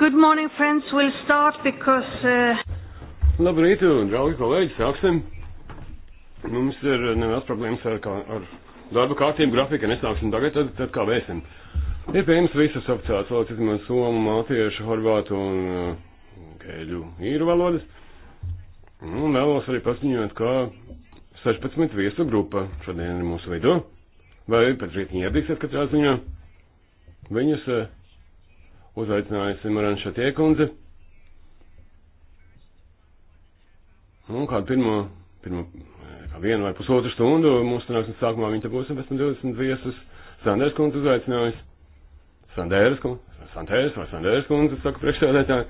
Good morning, friends. We'll start because. Uh... Labrīt, draugi kolēģi, sāksim. Mums ir nevienas problēmas ar, kā, ar darba kārtību, grafiku, nesāksim tagad, tad, tad kā vēsim. Ir pieejams visas oficiālās valodas, izņemot somu, mātiešu, horvātu un uh, kēļu īru valodas. Nu, un vēlos arī paziņot, ka 16 viesu grupa šodien ir mūsu vidū. Vai pēc rītņa iedīsiet katrā ziņā? Viņas uh, uzaicinājusi Marana Šatiekundze. Un kā pirmo, pirmo, kā vienu vai pusotru stundu mūsu sanāksmes sākumā viņa te būs, un pēc tam 20 viesus Sanders kundze uzaicinājusi. Sandēras kundze, Santēras vai Sandēras kundze, saka priekšsēdētāji.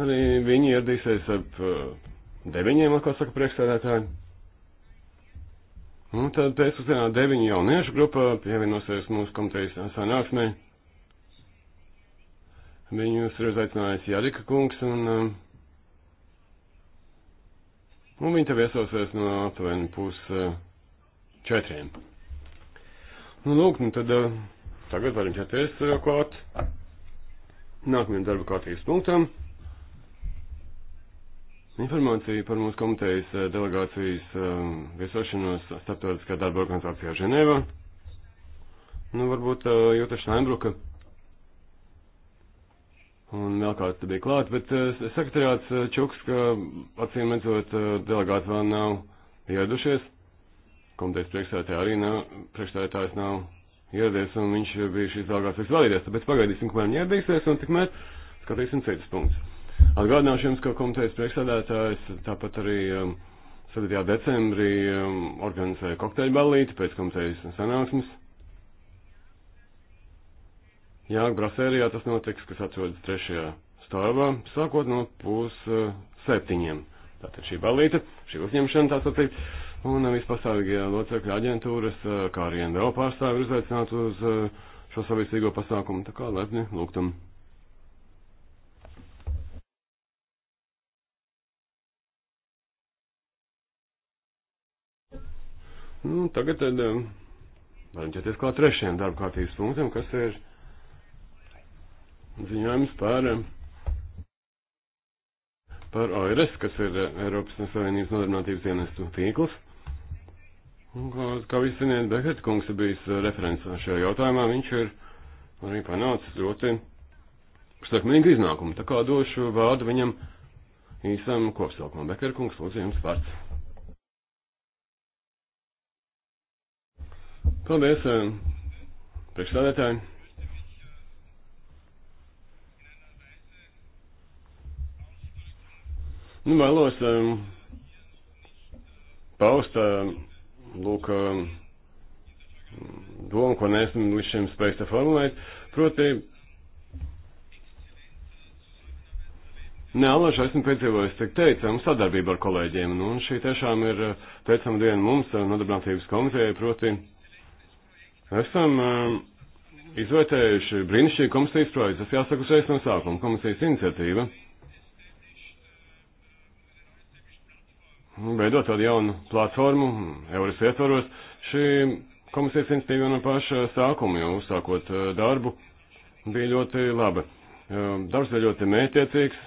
Arī viņi ieradīsies ap eh, deviņiem, kā saka priekšsēdētāji. Un tad pēc pusdienā deviņu jauniešu grupa pievienosies mūsu komitejas sanāksmei. Viņus ir uzaicinājis Jārika kungs, un, um, un viņi te viesosies no aptuveni pus uh, četriem. Nu, lūk, nu tad uh, tagad varam ķerties uh, klāt nākamajam darba kārtības punktam. Informācija par mūsu komitejas delegācijas um, viesošanos starptautiskā darba organizācijā Ženēvā. Nu, varbūt Jūta Šnainbruka Un vēl kāds bija klāt, bet uh, sekretariāts uh, Čuks, ka acīm redzot, uh, eh, delegāti vēl nav ieradušies. Komitejas priekšstādātāja arī nav, priekšstādātājs nav ieradies, un viņš bija šīs delegāts visvēlīties. Tāpēc pagaidīsim, kamēr viņi ieradīsies, un tikmēr skatīsim citus punktus. Atgādināšu jums, ka komitejas priekšstādātājs tāpat arī um, 7. decembrī um, organizēja kokteļu ballīti pēc komitejas sanāksmes. Jā, Brasērijā tas notiks, kas atrodas trešajā stāvā, sākot no pus e, septiņiem. Tātad šī balīta, šī uzņemšana, tā sacīt, un vispasāvīgajā locekļa aģentūras, e, kā arī NVO pārstāvi ir uzaicināti uz e, šo savīsīgo pasākumu, tā kā lepni lūgtam. Nu, tagad tad varam ķerties klāt trešajam darba kārtības punktam, kas ir ziņojums par, eh, par OIRES, kas ir eh, Eiropas Savienības nodarbinātības dienestu tīkls. Un, kā, kā visi ziniet, Behet kungs ir bijis eh, referents šajā jautājumā, viņš ir arī panācis ļoti sekmīgu iznākumu. Tā kā došu vārdu viņam īsam kopsaukumam. Behet kungs, lūdzu, jums vārds. Paldies, priekšstādētāji! Nu, vēlos um, paust um, lūk, um, domu, ko neesmu līdz šim spējis te formulēt. Proti, nealaži esmu piedzīvojis, cik teicam, sadarbību ar kolēģiem. Nu, un šī tiešām ir uh, teicama diena mums, uh, nodarbinātības komitejai, proti, esam um, izvērtējuši brīnišķīgu komisijas projektu. Tas jāsaka uzreiz no sākuma, komisijas iniciatīva. Nu, veidot tādu jaunu platformu, euras ietvaros, šī komisijas institīva no paša sākuma, jau uzsākot eh, darbu, bija ļoti laba. Eh, darbs bija ļoti mētiecīgs,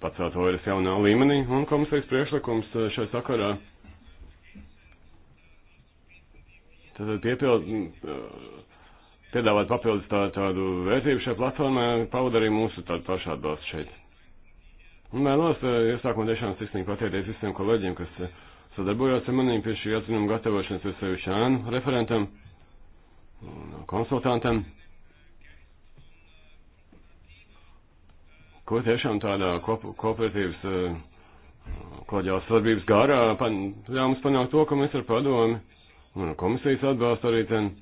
pacelt vairs jaunā līmenī, un komisijas priekšlikums eh, šai sakarā. Tad piepild, mm, piedāvāt papildus tā, tādu vērtību šai platformai, pavada arī mūsu tādu pašu atbalstu šeit. Un vēlos eh, iesākumā tiešām sirsnīgi pateikties visiem kolēģiem, kas eh, sadarbojās ar maniem pie šī atzinuma gatavošanas, es sevi šānu referentam un eh, konsultantam. Ko tiešām tādā kop kooperatīvas koleģiālas sadarbības gārā pan, ļāva mums panākt to, ka mēs ar padomi un komisijas atbalstu arī ten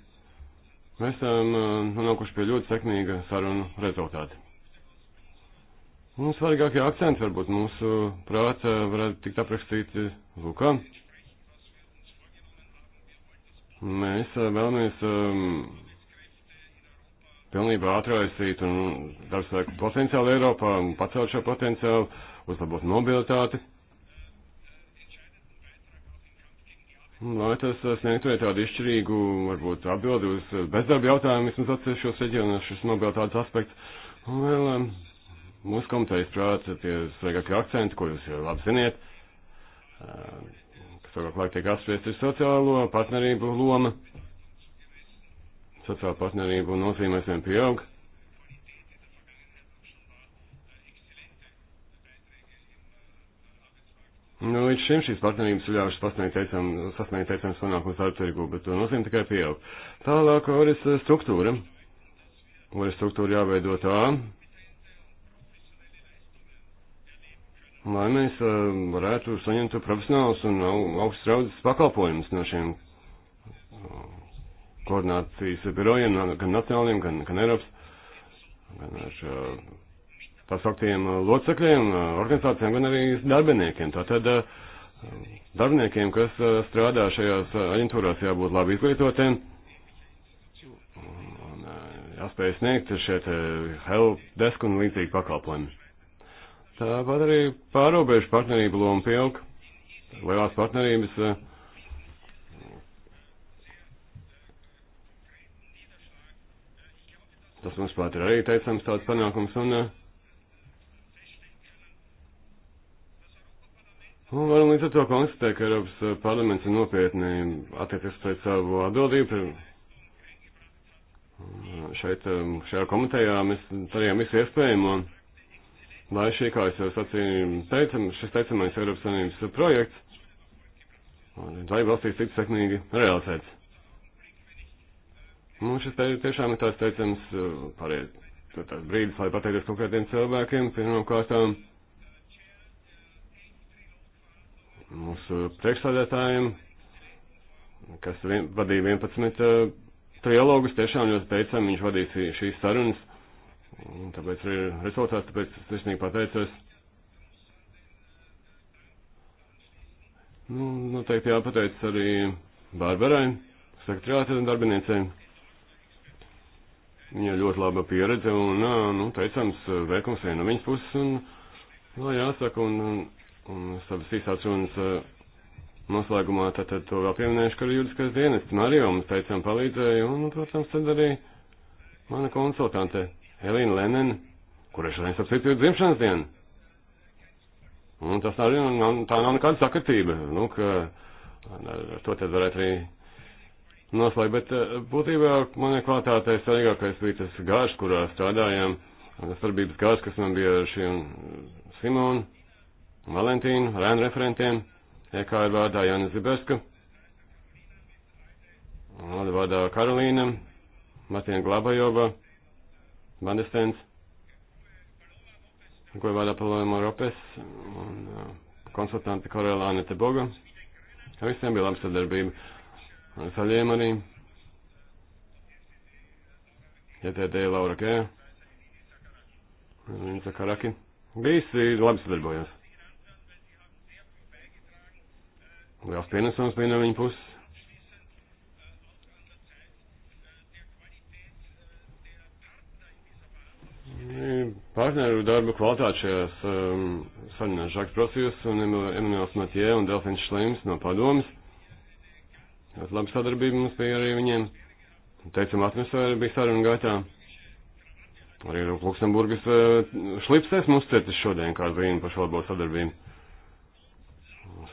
mēs esam nonākuši pie ļoti sekmīga sarunu rezultāta. Un nu, svarīgākie akcents varbūt mūsu prāta varētu tikt aprakstīti lūkā. Mēs eh, vēlamies um, pilnībā atraisīt un darbspēku potenciālu Eiropā, pacelt šo potenciālu, uzlabot mobilitāti. Lai tas eh, sniegtu tādu izšķirīgu, varbūt atbildi uz eh, bezdarba jautājumu, vismaz atsevišķos reģionos šis mobilitātes aspekts. Un vēl um, mūsu komitejas prāts tie svaigākie akcenti, ko jūs jau labi ziniet, kas vairāk laik tiek apspriest, ir sociālo partnerību loma. Sociāla partnerību nozīmēs vien pieaug. Nu, līdz šim šīs partnerības ir ļāvušas sasniegt, teicam, sasniegt, teicam, sanākums darba tirgu, bet to nozīme tikai pieaug. Tālāk, oris struktūra. Oris struktūra jāveido tā, lai mēs eh, varētu saņemt profesionālus un augstas raudzes pakalpojumus no šiem eh, koordinācijas birojiem, gan nacionāliem, gan, gan Eiropas, gan ar tā eh, sauktiem locekļiem, organizācijām, gan arī darbiniekiem. Tātad darbiniekiem, kas strādā šajās aģentūrās, jābūt labi izglītotiem. Jāspēj sniegt šeit help desk un līdzīgi pakalpojumi. Tāpat arī pārobežu partnerību loma pieaug. Lielās partnerības eh, tas mums pat ir arī teicams tāds panākums un, eh, un varam līdz ar to konstatēt, ka Eiropas eh, parlaments ir nopietni attiecies pret savu atbildību. Šeit, šajā komitejā mēs darījām visu iespējamo. Un, lai šī, kā es jau sacīju, teicam, šis teicamais Eiropas Savienības projekts, lai valstīs tiktu sekmīgi realizēts. Nu, šis te tiešām ir tāds teicams, pareiz, tāds brīdis, lai pateikties konkrētiem cilvēkiem, pirmkārtām mūsu priekšsādētājiem, kas vien, vadīja 11 uh, eh, trilogus, tiešām ļoti teicami, viņš vadīs šīs sarunas. Un tāpēc arī rezultāts, tāpēc es sirsnīgi pateicos. Nu, noteikti jāpateic arī Barbarai, sekretārāte un darbiniecei. Viņa ļoti laba pieredze un, nu, teicams, veikums vien no viņas puses un, nu, jāsaka, un, un, un savas īsās runas noslēgumā tad, tad to vēl pieminēšu, ka arī juridiskais dienests Marija mums teicām palīdzēja un, nu, protams, tad arī mana konsultante. Elīna Lenina, kurai šodien sapsīt ir dzimšanas diena. Un tas arī nav, tā nav nekāda sakritība, nu, ka nu, ar to tad varētu arī noslēgt, bet eh, būtībā man ir klātā tā svarīgākais bija tas gārs, kurā strādājām, tas darbības gārs, kas man bija ar šiem eh, Simonu, Valentīnu, Rēnu referentiem, EKR ja vārdā Jānis Zibeska, Lada vārdā Karolīna, Matīna Glabajova. Vandestens, Guevara Paloma Ropes un uh, konsultante Korelāne Teboga. Ar visiem bija laba sadarbība. Ar zaļiem arī. JTD Laura Kē. Vinca Karaki. Visi labi sadarbojās. Liels pienesums bija no viņa puses. Partneru darba kvalitāte šajās um, sarunās Žaks Prosijus un Emanuels Matjē un Delfins Šleims no padomas. Ļoti laba sadarbība mums bija arī viņiem. Teicam, atmosfēra bija saruna gaitā. Arī Luksemburgas uh, šlipsēs mums cietis šodien kādu brīnu par šo labo sadarbību.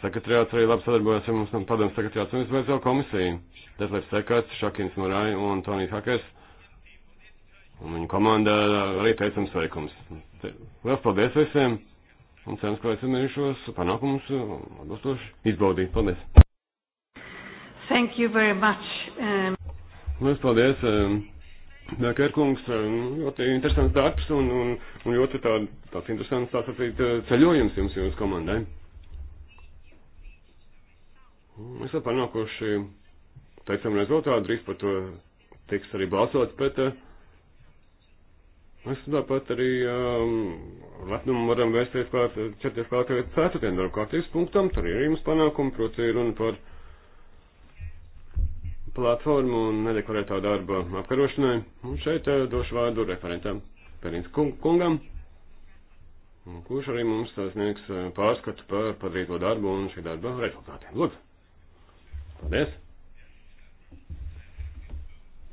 Sekretariāts arī labi sadarbojas ar mums, padomu sekretariāts un visbeidzot komisiju. Deslēps Sekats, Šakins Morai un Tonijs Hakers Un viņa komandā arī teicam sveikums. Lielas paldies visiem! Un cerams, ka esam arī šos panākumus um, atbilstoši izbaudīt. Paldies! Thank you very much. Um... Lielas paldies! Um... Kērkungs, um, ļoti interesants darbs un, un, un ļoti tā, tāds interesants tā sacīt, uh, ceļojums jums jūsu komandai. Mēs esam panākuši, teicam, rezultātu, drīz par to tiks arī balsots, bet uh, Mēs tāpat arī um, lepnumu varam vērsties klāt, ķerties klāt arī ceturtdien darba kārtības punktam, tur ir jums panākumi, proti runa par platformu un nedeklarētā darba apkarošanai. Un šeit uh, došu vārdu referentam Perins kungam, kurš arī mums uh, sniegs uh, pārskatu par padarīto darbu un šī darba rezultātiem. Lūdzu! Paldies!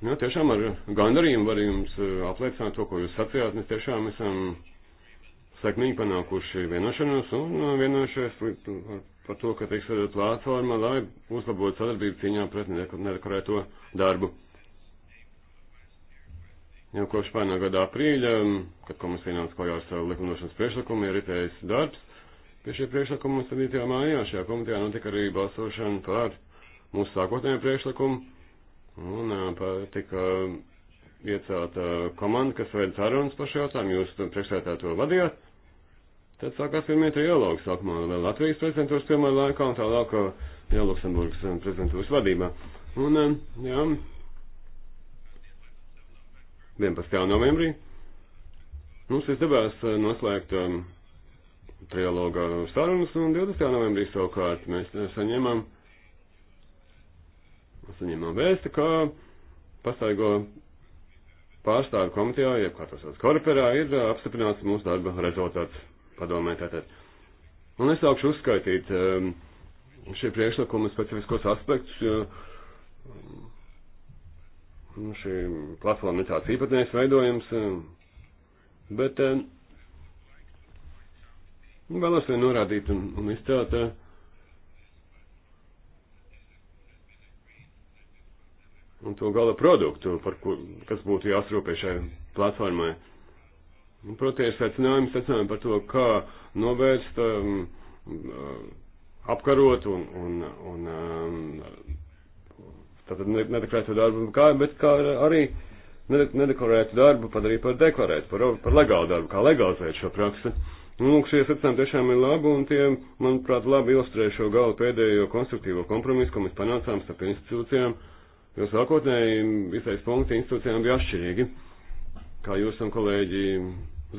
Nu, tiešām ar gandarījumu var jums eh, apliecināt to, ko jūs sacījāt. Mēs tiešām esam sekmīgi panākuši vienošanos un eh, vienojušies par to, ka tiks veidot platforma, lai uzlabotu sadarbību cīņā pret nedekorēto darbu. Jau kopš pērnā gada aprīļa, kad komisija nāca klajā ar savu likumdošanas priekšlikumu, ir ritējis darbs. Pie šī priekšlikuma sadītajā mājā šajā komitejā notika arī balsošana par mūsu sākotnējo priekšlikumu Un tika iecelta komanda, kas veids sarunas par šo jautājumu, jūs priekšsētā to vadījāt. Tad sākās pirmie trialogi, sākumā vēl Latvijas prezidentūras pirmā laikā un tālāk jau Luksemburgas prezidentūras vadībā. Un, jā, 11. novembrī mums izdevās noslēgt um, trialoga sarunas, un 20. novembrī savukārt mēs saņēmām uh, saņemam vēstu, ka pasaigo pārstāvi komitejā, jeb kā tas sauc korporā, ir apstiprināts mūsu darba rezultāts padomē tātad. Un es sākšu uzskaitīt šie priekšlikumi specifiskos aspektus. Šī platforma ir tāds īpatnējs veidojums, bet vēlos vien norādīt un, un izcelt un to gala produktu, par ko, kas būtu jāsrūpē šai platformai. Protams, secinājumi, secinājumi par to, kā novērst, um, uh, apkarot un, un, un um, tātad nedeklarētu darbu, kā, bet kā arī nedeklarētu darbu padarīt par deklarētu, par, par legālu darbu, kā legalizēt šo praksi. Nu, lūk, šie secinājumi tiešām ir labi, un tie, manuprāt, labi ilustrē šo galu pēdējo konstruktīvo kompromisu, ko mēs panācām starp institūcijām. Uh, jo sākotnēji visais punkti institūcijām bija atšķirīgi. Kā jūs un kolēģi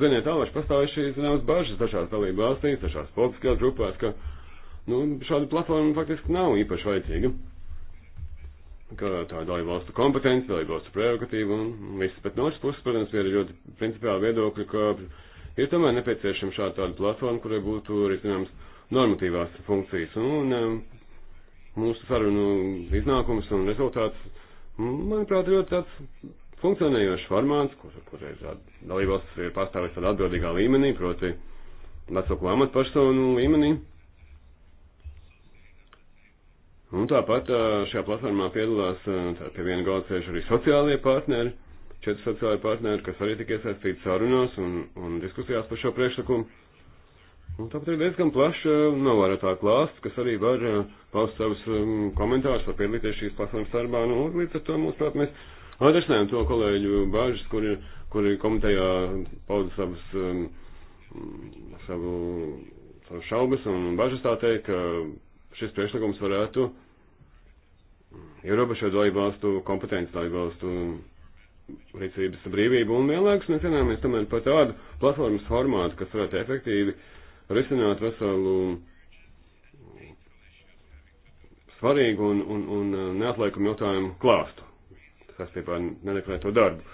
ziniet, tālāk pastāvēja šīs zināmas bažas dažās dalību valstīs, dažās politiskajās grupās, ka nu, šāda platforma faktiski nav īpaši vajadzīga ka tā ir dalība valstu kompetence, dalība valstu prerogatīva un viss. Bet no otras puses, protams, ir ļoti principiāli viedokļi, ka ir tomēr nepieciešama šāda tāda platforma, kurai būtu arī, zināms, normatīvās funkcijas. Un, un um, mūsu sarunu iznākums un rezultāts, manuprāt, ļoti tāds funkcionējošs formāts, kur, kur ir dalībvalsts ir pastāvis tādā atbildīgā līmenī, proti vecāko amatpersonu līmenī. Un tāpat šajā platformā piedalās pie viena galda sēž arī sociālie partneri, četri sociālie partneri, kas arī tik iesaistīti sarunās un, un diskusijās par šo priekšlikumu. Un tāpat ir diezgan plaša eh, novērotā klāsts, kas arī var eh, paust savus um, komentārus, var piedalīties šīs platformas darbā. Nu, līdz ar to mums, prāt, mēs atrisinājām to kolēģu bāžas, kuri, kuri komitejā pauda savus, um, savu, savu šaubas un bažas tā teikt, ka šis priekšlikums varētu ierobežot dalībvalstu kompetenci dalībvalstu rīcības brīvību un vienlaikus mēs vienāmies tomēr par tādu platformas formātu, kas varētu efektīvi uh, risināt veselu svarīgu un, un, un uh, neatliekumu jautājumu klāstu saistībā ar nedeklarēto darbu.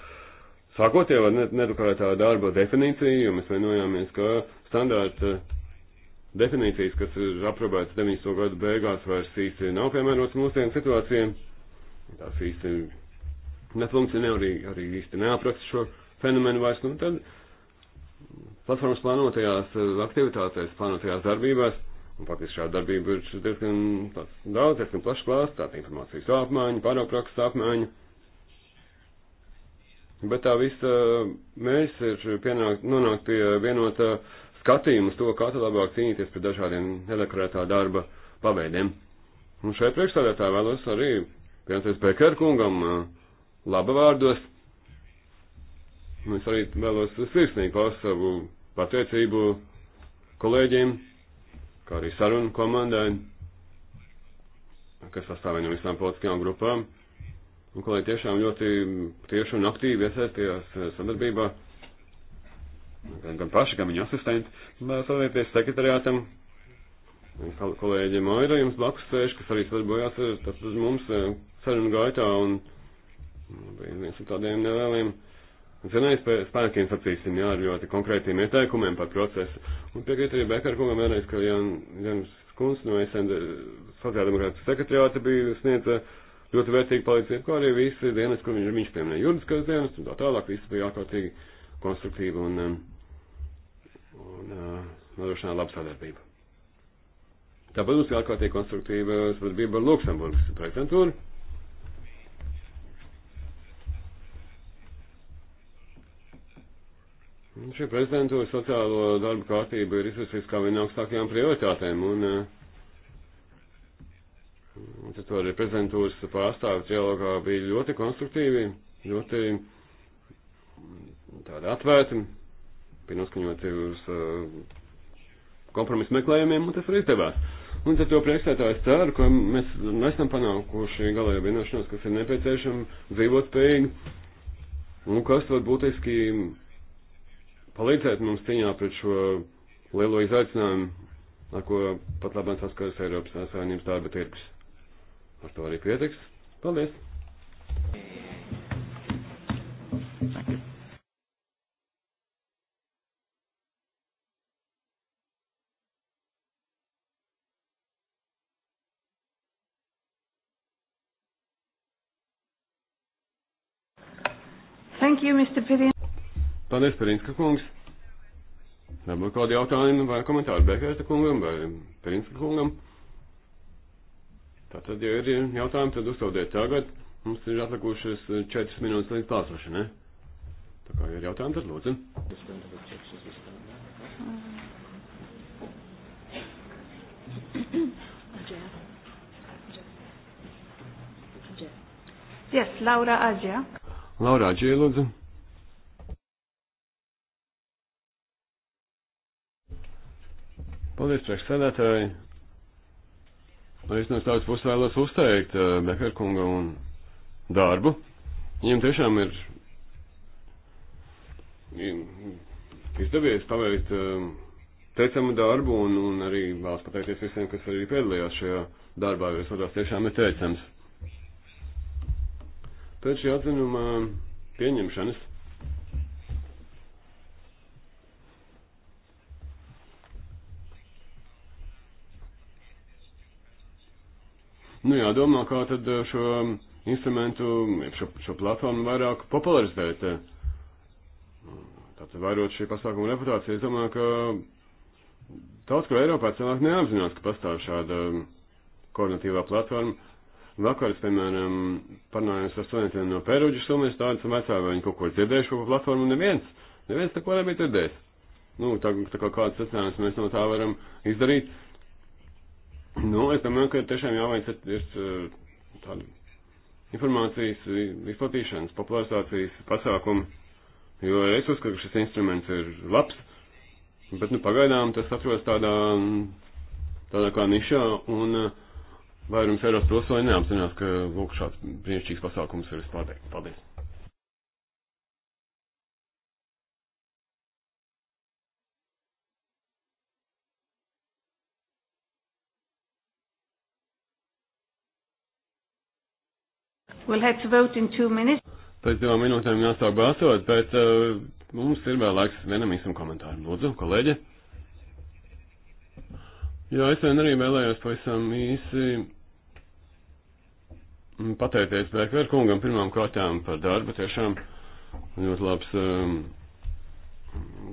Sākot jau ar nedeklarētā darba definīciju, jo mēs vienojāmies, ka standārta definīcijas, kas ir aprobētas 90. gadu beigās, vairs īsti nav piemērotas mūsdienu situācijām. Tās īsti nefunkcionē, arī, arī īsti neapraksta šo fenomenu vairs. Nu, tad platformas plānotajās eh, aktivitātēs, plānotajās darbībās. Un faktiski šāda darbība ir diezgan daudz, diezgan plašs klāsts, tāda informācijas apmaiņa, pārāprakstu apmaiņa. Bet tā visa mērķis ir pienākt, nonākt pie vienota skatījuma uz to, kā tad labāk cīnīties pret dažādiem elektorētā darba paveidiem. Un šeit priekšstādētā vēlos arī pienācies Pekera kungam eh, laba vārdos. Un es arī vēlos sirsnīgi paust savu pateicību kolēģiem, kā arī sarunu komandai, kas sastāvē no visām politiskajām grupām. Un kolēģi tiešām ļoti tieši un aktīvi iesaistījās eh, sadarbībā, gan, gan paši, gan viņa asistenti, bet eh, savieties sekretariātam, kolēģi Maira jums blakus sēž, kas arī sadarbojās eh, ar, ar mums sarunu gaitā un mm, bija viens no tādiem nelieliem. Zinājums spēkiem, sacīsim, jā, ar ļoti konkrētiem ieteikumiem par procesu. Un piekrīt arī Bekarkungam vienreiz, ka Jan, Jans Kunst no SND eh, sociāldemokrātas sekretariāta bija sniedza eh, ļoti vērtīgu palīdzību, kā arī visi dienas, kur viņš, viņš pieminēja juridiskās dienas, un tā tālāk, visi bija ārkārtīgi konstruktīvi un, eh, un uh, nodrošināja labu sadarbību. Tāpat mums ir ārkārtīgi konstruktīva sadarbība ar Luksemburgas prezidentūru. Šī prezidentūra sociālo darbu kārtību ir izvirzījusi kā viena augstākajām prioritātēm, un, eh, un tad arī prezidentūras pārstāvi trialogā bija ļoti konstruktīvi, ļoti tādi atvērti, bija noskaņoti uz uh, kompromisu meklējumiem, un tas arī izdevās. Un tad jau priekšstētājs ceru, ka mēs nesam panākuši galējo vienošanos, kas ir nepieciešama dzīvot spējīgi, un kas var būtiski palīdzēt mums cīņā pret šo lielo izaicinājumu, ar ko pat labāk saskaras Eiropas Savienības darba tirgus. Ar to arī pietiks. Paldies! Thank you. Thank you, Mr. Pirin. Paldies, Perinska kungs. Varbūt kādi jautājumi vai komentāri Bekerta kungam vai Perinska kungam. Tātad, ja ir jautājumi, tad uzsaudiet tagad. Mums ir atlikušas 4 minūtes līdz pārsvašanai. Tā kā ir jautājumi, tad lūdzu. Yes, Laura Aģija. Laura Aģija, lūdzu. Paldies, priekšsēdētāji. Es no savas puses vēlos uzteikt uh, eh, Bekarkunga un darbu. Viņam tiešām ir izdevies paveikt uh, teicamu darbu un, un arī vēlas pateikties visiem, kas arī piedalījās šajā darbā, jo es vadās tiešām ir teicams. Pēc šī atzinuma pieņemšanas Nu, jādomā, kā tad eh, šo mm, instrumentu, šo, šo platformu vairāk popularizēt. Eh. Tātad vairot šī pasākuma reputācija, es domāju, ka daudz, ko Eiropā cilvēki neapzinās, ka pastāv šāda mm, koordinatīvā platforma. Vakar, piemēram, parunājos ar studentiem no Peruģas universitātes un vecā, vai viņi kaut ko dzirdējuši par platformu, neviens, neviens neko nebija dzirdējis. Nu, tā, tā kā kādas secinājumus mēs no tā varam izdarīt, Nu, es domāju, ka tiešām jāveic ir eh, tāda informācijas izplatīšanas, popularizācijas pasākumi, jo es uzskatu, ka šis instruments ir labs, bet nu pagaidām tas atrodas tādā, tādā kā nišā un eh, vairums Eiropas pilsoņi neapzinās, ka lūk šāds brīnišķīgs pasākums ir vispār teikt. Paldies! We'll have to vote in two minutes. Pēc divām minūtēm jāsāk balsot, bet uh, mums ir vēl laiks vienam īsam komentāram. Lūdzu, kolēģi. Jā, es vien arī vēlējos pavisam īsi pateikties Bēkver kungam pirmām kārtām par darbu. Tiešām ļoti labs um,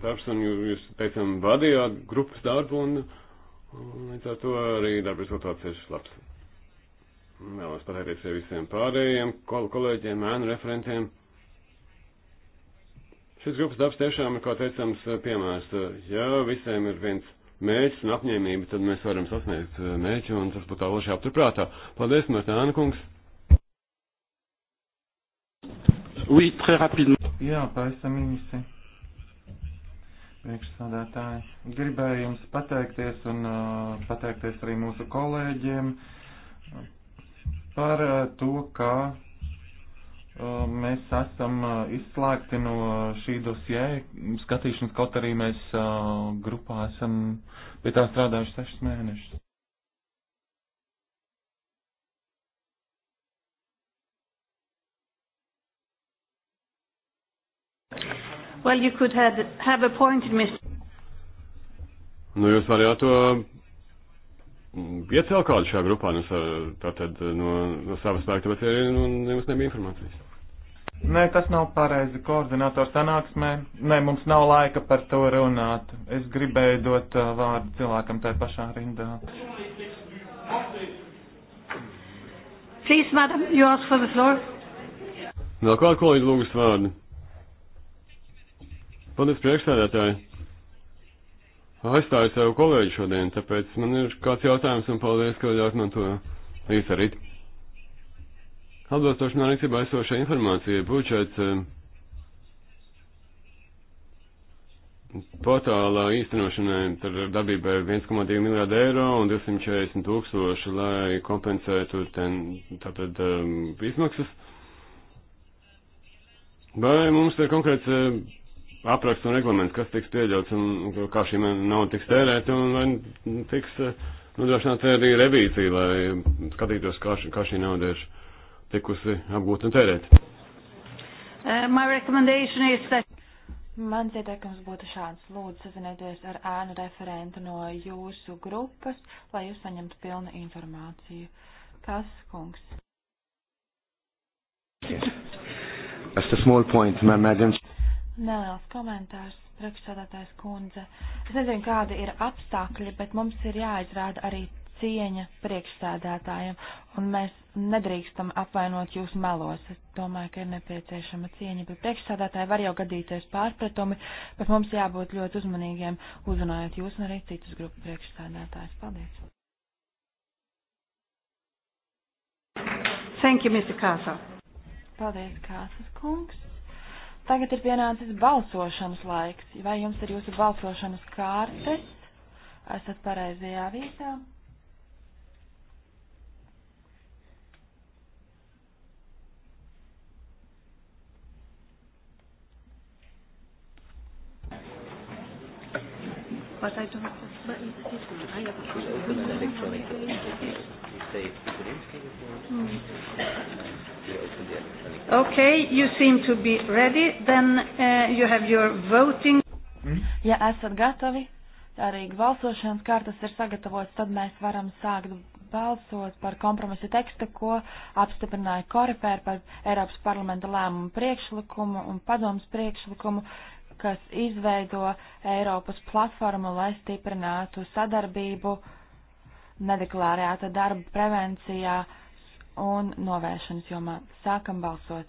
darbs, un jūs, teicam, vadījāt grupas darbu, un līdz ar to arī darba rezultāts ir labs. Vēlos pateikties arī visiem pārējiem kol kolēģiem, mēnu referentiem. Šis grupas darbs tiešām ir, kā teicams, piemērs. Ja visiem ir viens mērķis un apņēmība, tad mēs varam sasniegt eh, mērķi, un tas būtu tāloši jāpaturprātā. Paldies, Martāna kungs! Oui, très rapidement. Jā, pavisam īsi. Priekšsādātāji, gribēju jums pateikties un uh, pateikties arī mūsu kolēģiem par eh, to, ka eh, mēs esam eh, izslēgti no šī dosjē skatīšanas, kaut arī mēs grupā esam pie tā strādājuši sešas mēnešus. Well, you could have, have appointed Mr. Nu, jūs varētu iecēl kādu šajā grupā no, nu, tātad, eh, no, no savas spēka, bet arī eh, nu, jums nebija informācijas. Nē, tas nav pareizi koordinātors sanāksmē. Nē, mums nav laika par to runāt. Es gribēju dot uh, vārdu cilvēkam tajā pašā rindā. Please, madam, you ask for the floor. Vēl kādu kolēģi lūgas vārdu. Paldies priekšsēdētāji aizstāju savu kolēģi šodien, tāpēc man ir kāds jautājums un paldies, ka ļaut man to izdarīt. Atbilstoši man rīcībā esošā informācija būčēts eh, portālā īstenošanai ar darbībai 1,2 miljārdu eiro un 240 tūkstoši, lai kompensētu ten, tātad um, izmaksas. Vai mums ir konkrēts eh, apraksts un reglaments, kas tiks pieļauts un kā šī nauda tiks tērēta un vai tiks eh, nodrošināta arī revīcija, lai skatītos, kā, šī, kā šī nauda ir tikusi apgūta un tērēta. Uh, that... Mans ieteikums būtu šāds. Lūdzu, sazinieties ar ēnu referentu no jūsu grupas, lai jūs saņemtu pilnu informāciju. Kas, kungs? Yes. That's a small point, ma madam. Neliels komentārs, priekšsādātājs kundze. Es nezinu, kādi ir apstākļi, bet mums ir jāizrāda arī cieņa priekšsādātājiem, un mēs nedrīkstam apvainot jūs melos. Es domāju, ka ir nepieciešama cieņa, bet priekšsādātāji var jau gadīties pārpratumi, bet mums jābūt ļoti uzmanīgiem, uzrunājot jūs un arī citus grupu priekšsādātājus. Paldies! Thank you, Mr. Kāsa. Paldies, Kāsas kungs. Tagad ir pienācis balsošanas laiks. Vai jums ir jūsu balsošanas kārtas? Esat pareizajā vietā. But I don't. But it's different. I have to. Electronic. Say, Zelensky report. Okay, you seem to be ready. Then uh, you have your voting. Hmm? Ja esat gatavi, arī balsošanas kartas ir sagatavotas, tad mēs varam sākt balsot par kompromisu tekstu, ko apstiprināja Korepēra par Eiropas parlamenta lēmumu priekšlikumu un padomus priekšlikumu, kas izveido Eiropas platformu, lai stiprinātu sadarbību nedeklarēta darba prevencijā un novēršanas jomā. Sākam balsot!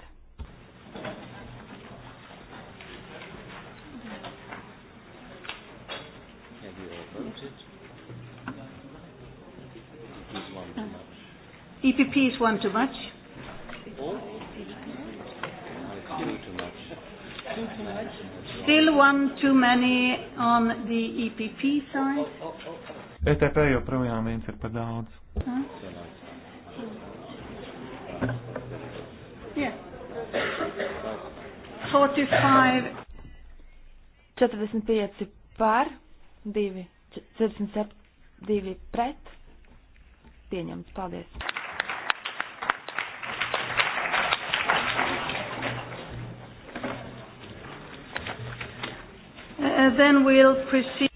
EPP is one too much. Still one too many on the EPP side. ETP joprojām viens ir par daudz. Huh? Yeah. 45. 45 par, 2, 47, 2 pret. Pieņemts. Paldies. And uh, then we'll proceed.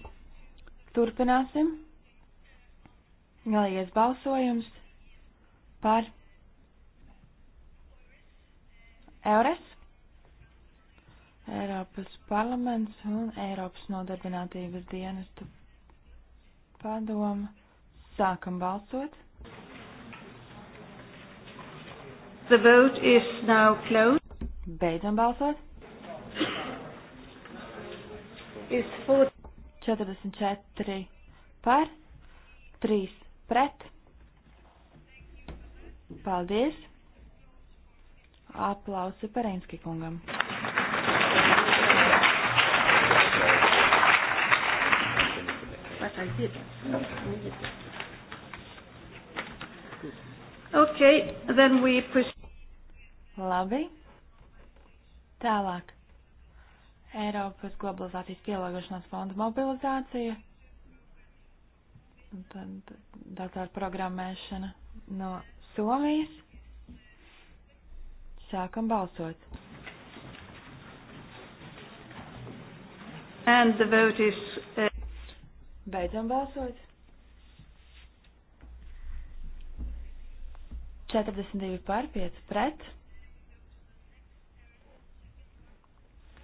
Turpināsim. Galīgais balsojums par EURES, Eiropas parlaments un Eiropas nodarbinātības dienesta padoma. Sākam balsot. The vote is now closed. Beidzam balsot. Is 44 par, 3 pret. Paldies! Aplausi Perenski kungam. Okay, then we Labi. Tālāk. Eiropas globalizācijas pielāgošanās fonda mobilizācija. Un tad datāru programmēšana no Somijas. Sākam balsot. And the vote is. Uh... Beidzam balsot. 42 pār 5 pret.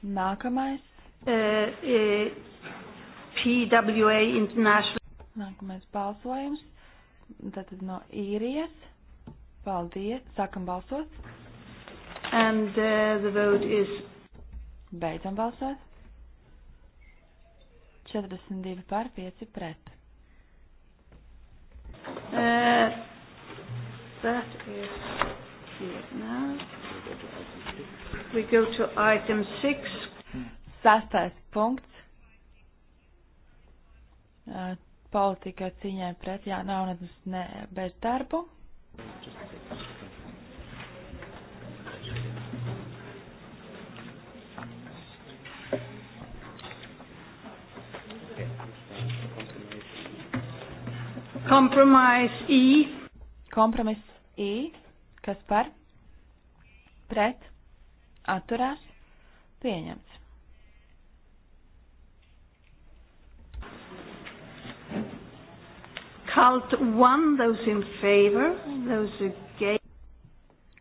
Nākamais. Uh, uh, PWA International. Nākamais balsojums. Tātad no īrijas. Paldies. Sākam balsot. And uh, the vote is. Beidzam balsot. 42 pār 5 pret. Uh, that is Vietnam. We go to item 6. Sastais punkts. Uh, politika cīņai pret jānaunatnes ne, bez darbu. Just Kompromiss I. E. Kompromiss I. Kas par? Pret. Atturās. Pieņemts. Cult 1, those in favor, those against.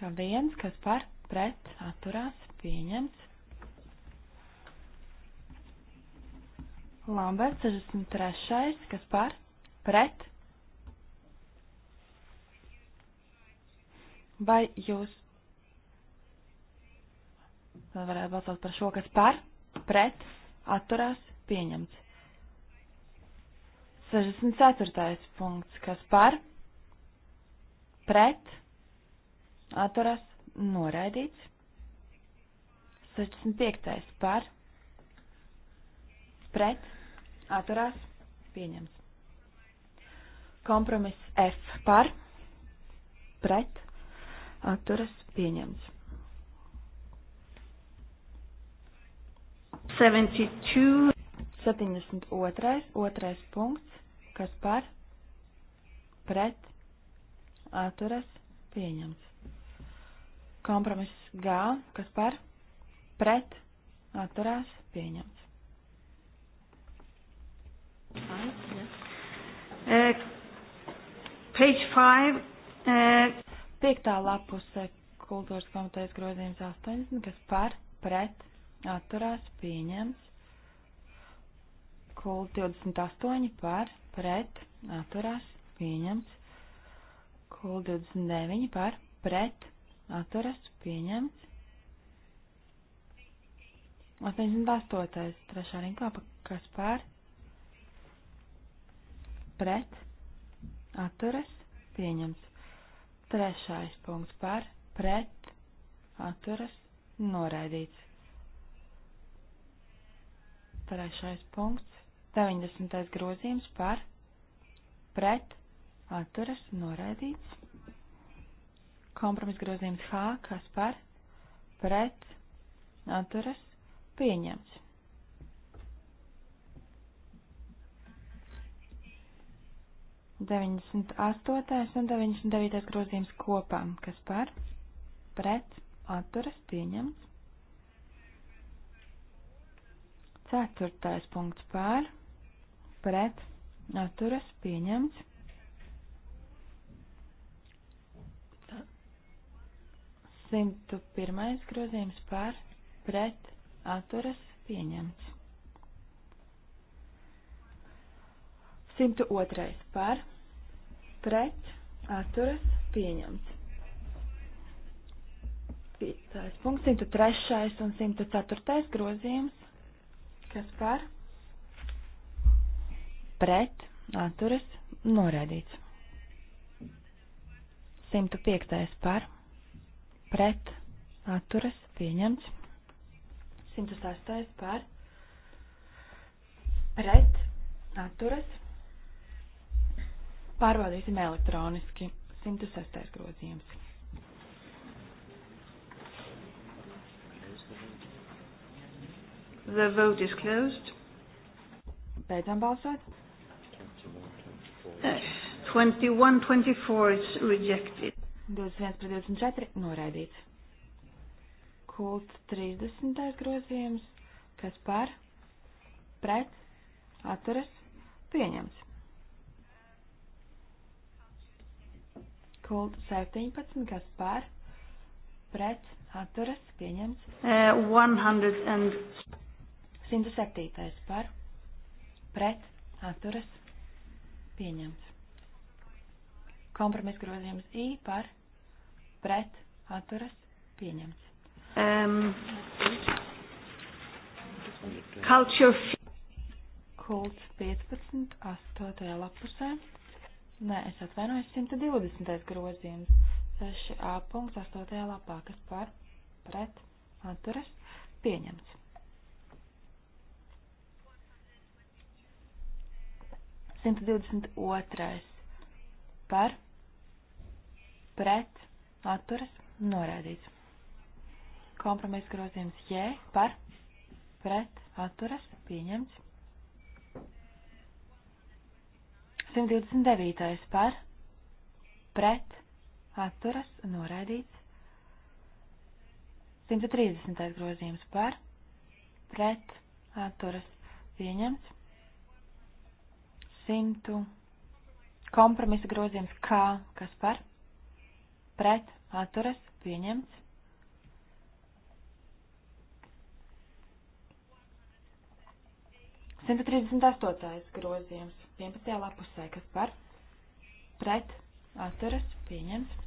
Kā viens, kas par, pret, atturās, pieņemts. Lamberts 63, kas par, pret, Vai jūs varētu balsot par šo, kas par, pret, atturās, pieņemts? 64. punkts, kas par, pret, atturās, noraidīts. 65. par, pret, atturās, pieņemts. Kompromiss F par, pret, atturas pieņemts. 72. 72. otrais punkts, kas par, pret, atturas pieņemts. Kompromiss G, kas par, pret, atturās pieņemts. Uh, page 5. Uh, Piektā lapuse kultūras komitejas grozījums 80, kas par, pret, atturās, pieņems. Kult 28 par, pret, atturās, pieņems. Kult 29 par, pret, atturās, pieņems. 88. trešā rinkāpa, kas pār, pret, atturas, pieņems. Trešais punkts par, pret, atturas, noraidīts. Trešais punkts, 90. grozījums par, pret, atturas, noraidīts. Kompromis grozījums H, kas par, pret, atturas, pieņemts. 98. un 99. grozījums kopā, kas par pret atturas pieņemts. Ceturtais punkts pār pret atturas pieņemts. Simtu pirmais grozījums pār pret atturas pieņemts. 102. par, pret, atturas, pieņemts. Piecais punkts, 103. un 104. grozījums, kas par, pret, atturas, noraidīts. 105. par, pret, atturas, pieņemts. 106. par, pret, atturas, pieņemts Pārbaudīsim elektroniski. 106. grozījums. The vote is closed. Beidzam balsot. 21-24 is rejected. 21 pret 24 noraidīts. Kult 30. grozījums, kas par, pret, atturas, pieņemts. Kult 17, kas par, pret, atturas, pieņemts. Uh, 100 and... 107. par, pret, atturas, pieņemts. Kompromiss grozījums I par, pret, atturas, pieņemts. Um, culture. Kults 15, 8. lapusē. Nē, es atvainojos 120. grozījums. 6a punkts 8. lapā, kas par pret atturas pieņemts. Simt divdesmit otrais par pret atturas norādīts. Kompromiss grozījums J par pret atturas pieņemts. 129. par, pret, atturas, noraidīts. 130. grozījums par, pret, atturas, pieņemts. 100. Kompromisa grozījums K, kas par, pret, atturas, pieņemts. 138. grozījums 11. lapusē, kas par pret atturas pieņemts.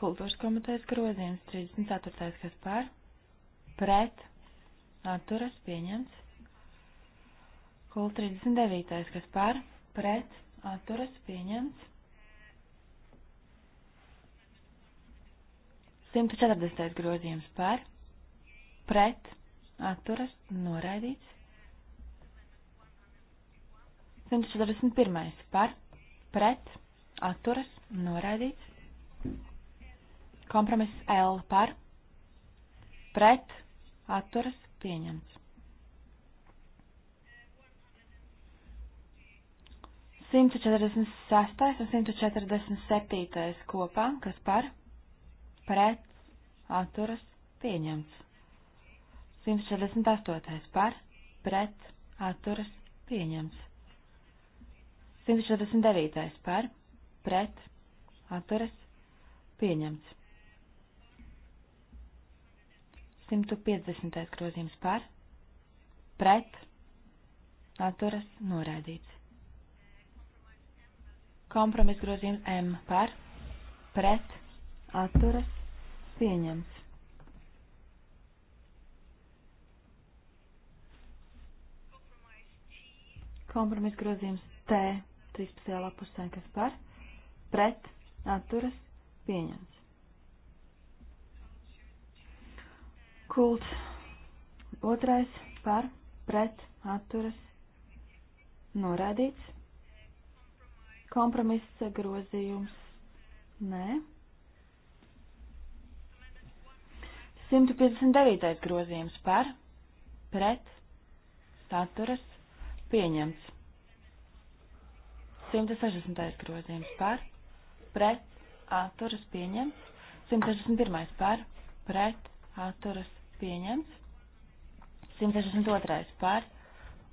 Kultūras komitejas grozījums 34. kas par pret atturas pieņemts. Kult 39. kas par pret atturas pieņemts. 140. grozījums par pret atturas noraidīts. 141. par, pret, atturas noraidīts. Kompromiss L par, pret, atturas pieņemts. 146. un 147. kopā, kas par, pret, atturas pieņemts. 148. par, pret, atturas, pieņemts. 149. par, pret, atturas, pieņemts. 150. grozījums par, pret, atturas, norādīts. Kompromis grozījums M par, pret, atturas, pieņemts. Kompromis grozījums T 13. lapusē, kas par pret atturas pieņems. Kult otrais par pret atturas norādīts. Kompromiss grozījums nē. 159. grozījums par pret atturas Pieņemts. 160. grozījums par, pret, atturas pieņemts. 161. par, pret, atturas pieņemts. 162. par,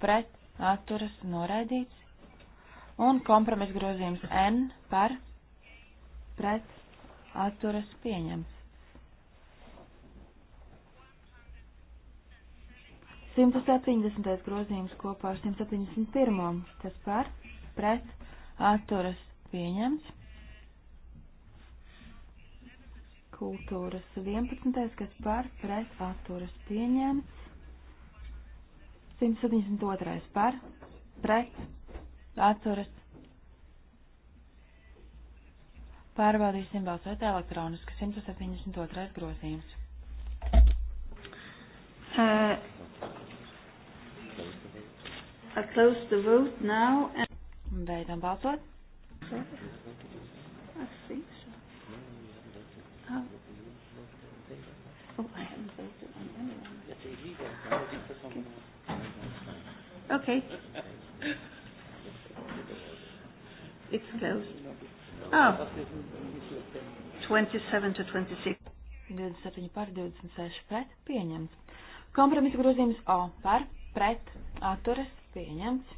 pret, atturas noraidīts. Un kompromis grozījums N par, pret, atturas pieņemts. 170. grozījums kopā ar 171. kas par pret atturas pieņemts. Kultūras 11. kas par pret atturas pieņemts. 172. par pret atturas. Pārbaudīsim balsot elektroniski 172. grozījums. Uh. I close the vote now and Beidzam balsot. I think so. Oh. oh, I haven't voted on anyone. Okay. It's closed. Oh. 27 to 26. 27 par 26 pret pieņemts. Kompromisa grozījums O par pret atturas Pieņemts.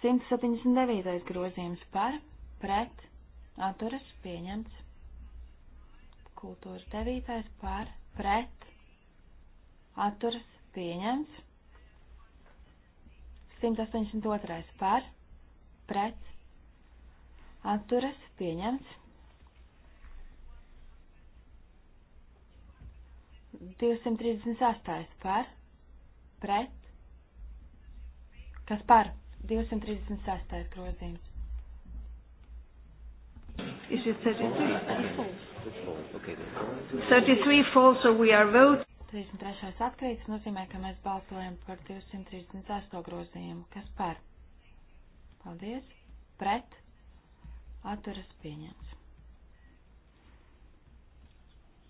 179. grozījums par, pret, atturas, pieņemts. Kultūras 9. par, pret, atturas, pieņemts. 182. par, pret, atturas, pieņemts. 238. par, pret, kas par 236. grozījums. Is it 33? 33 falls, so we are voting. 33. atkrītas nozīmē, ka mēs balsojam par 238 grozījumu. Kas par? Paldies. Pret. Atturas pieņems.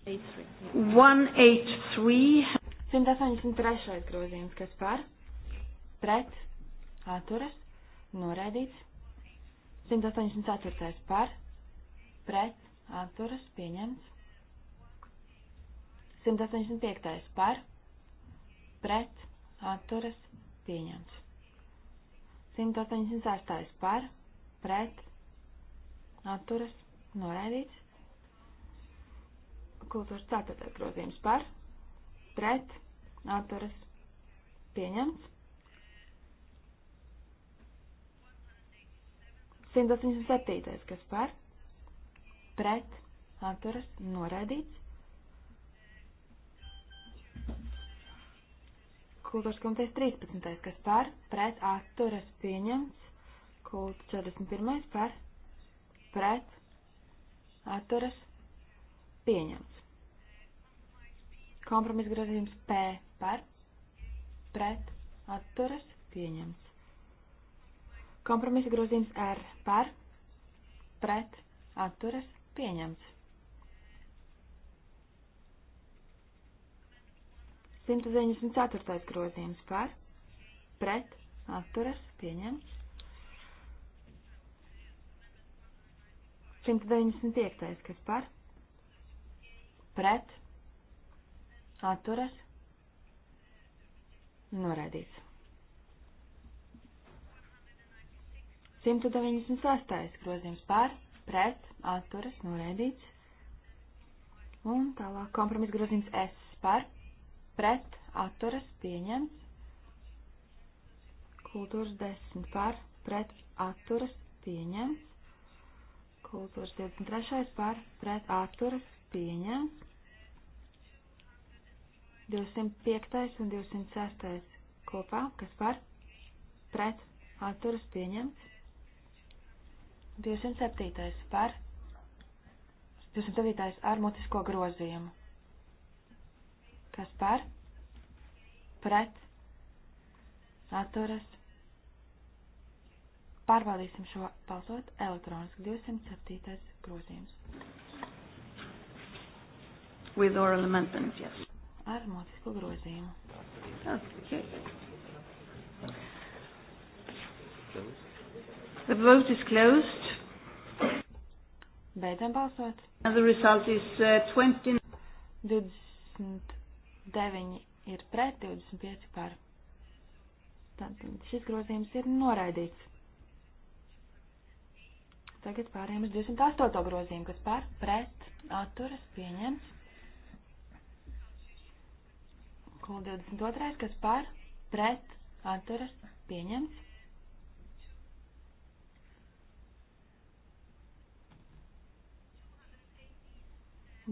183. 183. grozījums, kas par, pret, atturas, noraidīts. 184. par, pret, atturas, pieņemts. 185. par, pret, atturas, pieņemts. 186. par, pret, atturas, noraidīts. Kultūras 4. grozījums par, pret, atturas pieņemts. 187. kas par, pret, atturas noraidīts. Kultūras komitejas 13. kas par, pret, atturas pieņemts. Kult 41. par, pret, atturas pieņemts. Kompromiss grozījums P par, pret, atturas, pieņemts. Kompromiss grozījums R par, pret, atturas, pieņemts. 194. grozījums par, pret, atturas, pieņemts. 195. kas par, pret, atturas, noraidīts. 198. grozījums par, pret, atturas, noraidīts. Un tālāk kompromis grozījums S par, pret, atturas, pieņemts. Kultūras 10 par, pret, atturas, pieņemts. Kultūras 23 par, pret, atturas, pieņemts. 205. un 206. kopā, kas par pret atturas pieņemts. 207. par 209. ar mutisko grozījumu. Kas par pret atturas Pārbaudīsim šo balsot elektroniski 207. grozījums. With oral amendments, yes ar mocisku grozījumu. Okay. The vote is closed. Beidzam balsot. And the result is uh, 20. 29 ir pret, 25 par. Tātad šis grozījums ir noraidīts. Tagad pārējām uz 208. grozījumu, kas par, pret, atturas, pieņems. Un 22. kas par, pret, atturas, pieņemts.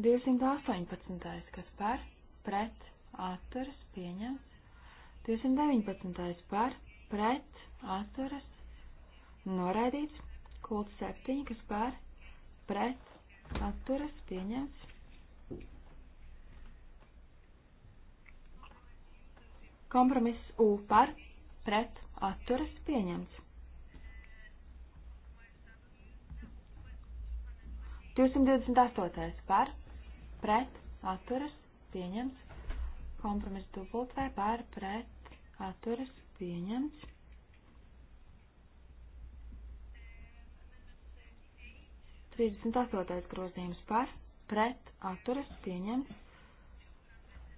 Divsimt astoņpadsmitais, kas par, pret, atturas, pieņemts. Divsimt deviņpadsmitais par, pret, atturas, noraidīts. Kults septiņi, kas par, pret, atturas, pieņemts. Kompromiss U par pret atturas pieņemts. 228. par pret atturas pieņemts. Kompromiss dubultvē par pret atturas pieņemts. 38. grozījums par pret atturas pieņemts.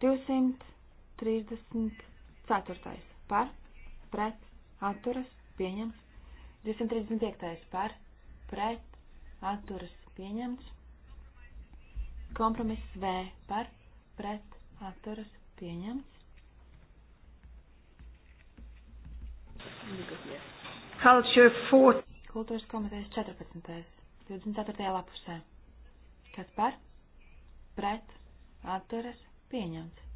230. 4. par, pret, atturas, pieņemts. 235. par, pret, atturas, pieņemts. Kompromiss V par, pret, atturas, pieņemts. Culture 4. Kultūras komitejas 14. 24. lapusē. Kas par? Pret, atturas, pieņemts.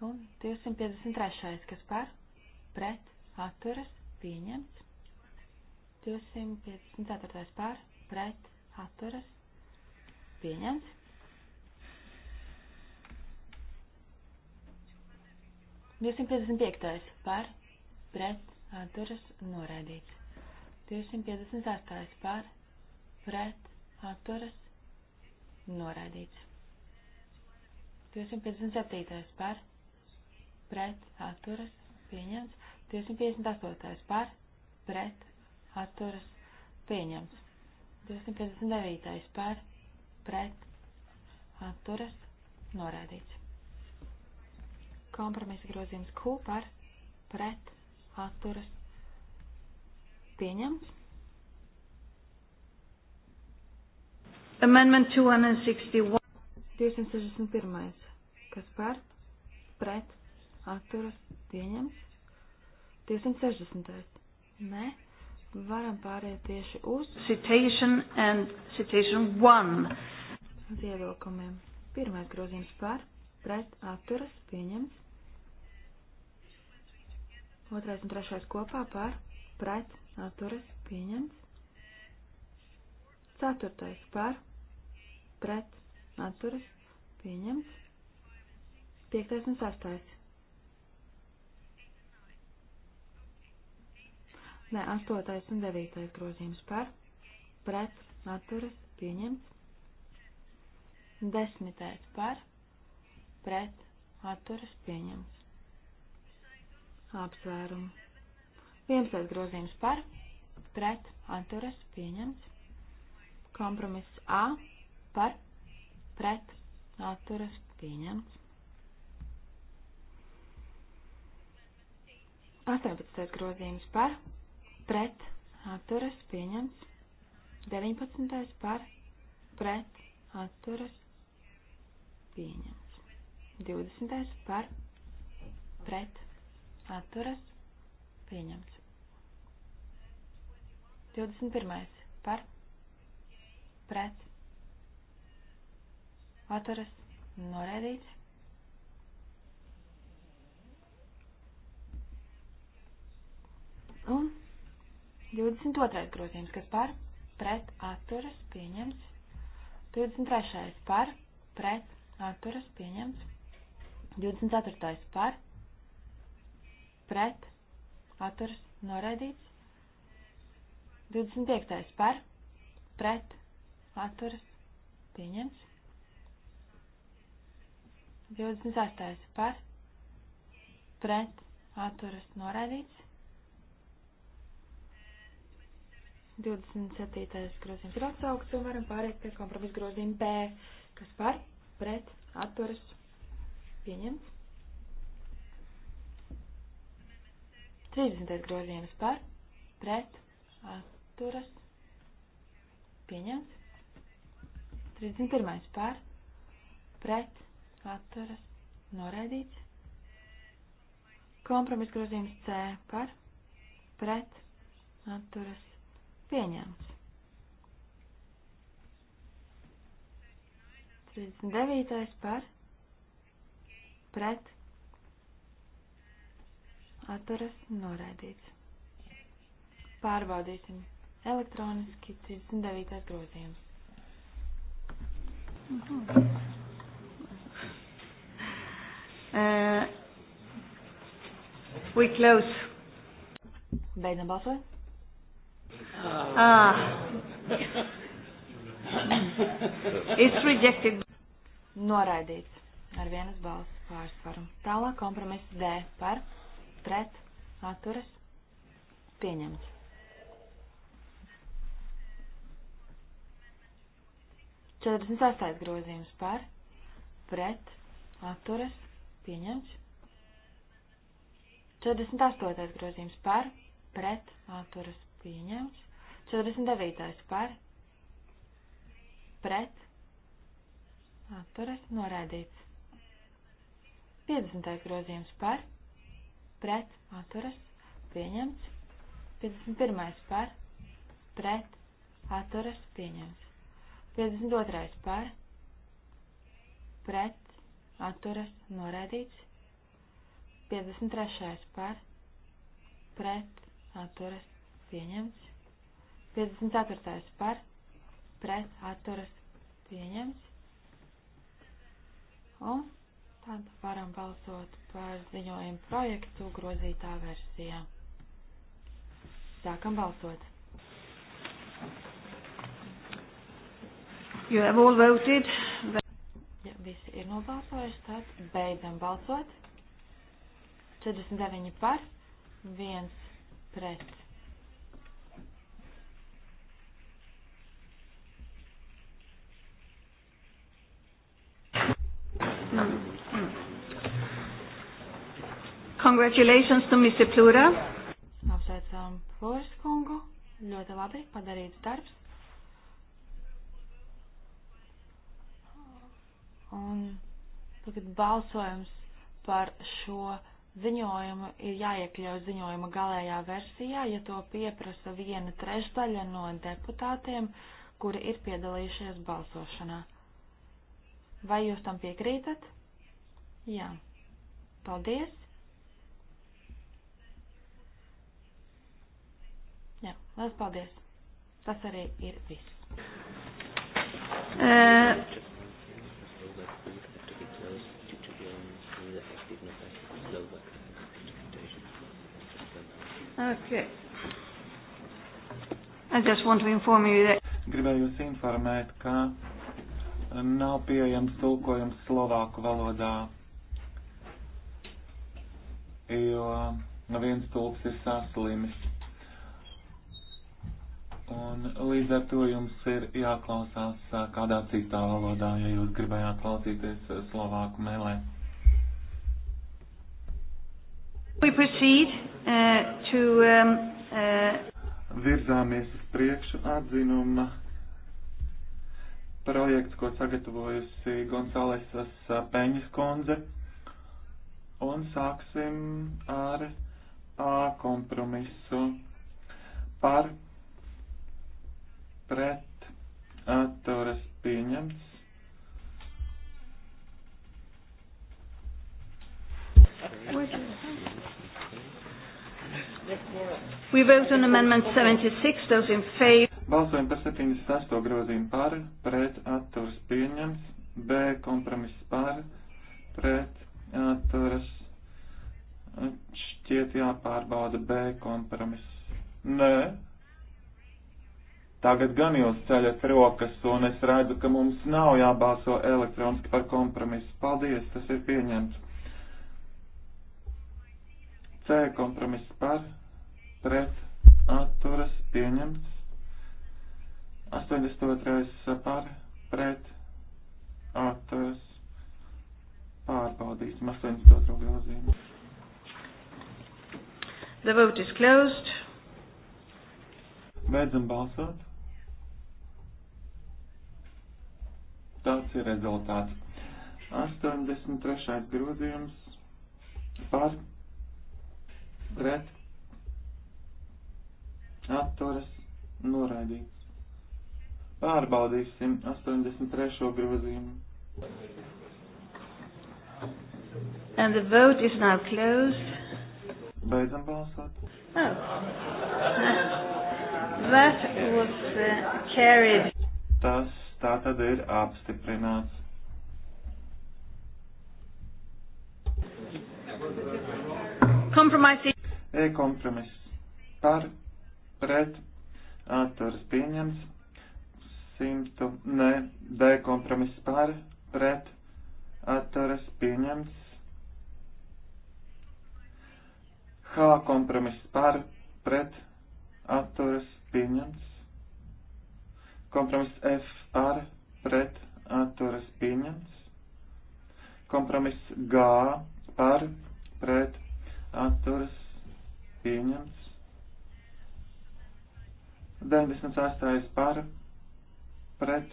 Un 253. kas par pret atturas pieņemts. 254. par pret atturas pieņemts. 255. par pret atturas noraidīts. 258. par pret atturas noraidīts. 257. par pret atturas pieņemts. 258. par pret atturas pieņemts. 259. par pret atturas norādīts. Kompromisa grozījums Q par pret atturas pieņemts. Amendment 261. 261. Kas par? Pret atturas pieņemts. 260. Nē, varam pāriet tieši uz citation and citation 1. Uz ievilkumiem. Pirmais grozījums par, pret, atturas pieņemts. Otrais un trešais kopā par, pret, atturas pieņemts. Ceturtais par, pret, atturas pieņemts. Piektais un sastais Nē, 8. un 9. grozījums par, pret, atturas, pieņemts. 10. par, pret, atturas, pieņemts. Apsvērumu. 11. grozījums par, pret, atturas, pieņemts. Kompromiss A par, pret, atturas, pieņemts. 18. grozījums par, pret atturas pieņemts. 19. par pret atturas pieņemts. 20. par pret atturas pieņemts. 21. par pret atturas norēdīts. Un 22. grozījums, kas par pret atturas pieņemts. 23. par pret atturas pieņemts. 24. par pret atturas noraidīts. 25. par pret atturas pieņemts. 28. par pret atturas noraidīts. 27. grozījums ir atsaukts un varam pāriet pie kompromisa grozījuma B, kas par pret atturas pieņemts. 30. grozījums par pret atturas pieņemts. 31. par pret atturas noraidīts. Kompromisa grozījums C par pret atturas pieņemts. 39. par pret atturas noraidīts. Pārbaudīsim elektroniski 39. grozījums. Uh, we close. Beidzam balsot. Ah. It's rejected. Noraidīts ar vienas balss pārsvaru. Tālāk kompromiss D par pret atturas pieņemts. Četrdesmit sastais grozījums par pret atturas pieņemts. 48. grozījums par pret atturas pieņemts. 49. par, pret, atturas, noraidīts. 50. grozījums par, pret, atturas, pieņemts. 51. par, pret, atturas, pieņemts. 52. par, pret, atturas, noraidīts. 53. par, pret, atturas, pieņemts. 54. par pret atturas pieņemts. Un tad varam balsot par ziņojumu projektu grozītā versijā. Sākam balsot. You have all voted. Ja visi ir nobalsojuši, tad beidzam balsot. 49 par, 1 pret Mm. Mm. Congratulations to Mr. Plura. Apsveicam Flores kungu. Ļoti labi padarīts darbs. Un tagad balsojums par šo ziņojumu ir jāiekļauj ziņojuma galējā versijā, ja to pieprasa viena trešdaļa no deputātiem, kuri ir piedalījušies balsošanā. Vai jūs tam piekrītat? Jā. Paldies. Jā, liels paldies. Tas arī ir viss. Uh, okay. I just want to inform you that... Gribēju jūs informēt, ka nav pieejams tulkojums slovāku valodā, jo viens tulks ir saslimis. Un līdz ar to jums ir jāklausās kādā citā valodā, ja jūs gribējāt klausīties slovāku mēlē. We proceed uh, to um, uh, Virzāmies uz priekšu atzinuma projekts, ko sagatavojusi Gonzalesas Peņas kundze. Un sāksim ar A kompromisu par pret atturas pieņemts. What do you think? We vote on amendment 76, those in favor. Balsojam par 78 grozījumu par, pret atturas pieņemts, B kompromiss par, pret atturas šķiet jāpārbauda B kompromiss. Nē. Tagad gan jūs ceļat rokas, un es redzu, ka mums nav jābalso elektroniski par kompromisu. Paldies, tas ir pieņemts. C kompromiss par pret atturas pieņemts. 82. par pret atturas pārbaudīsim 82. grozījumu. The vote is closed. Beidzam balsot. Tāds ir rezultāts. 83. grozījums par pret atturas noraidīts. Pārbaudīsim 83. grozījumu. And the vote is now closed. Beidzam balsot. Oh. That was uh, carried. Tas tā tad ir apstiprināts. Kompromisī. E kompromiss par pret atturas pieņems. 100, nē, D kompromiss par pret atturas pieņems. H kompromiss par pret atturas pieņems. Kompromiss F ar pret atturas pieņems. Kompromiss G par pret atturas pieņems. 98. par pret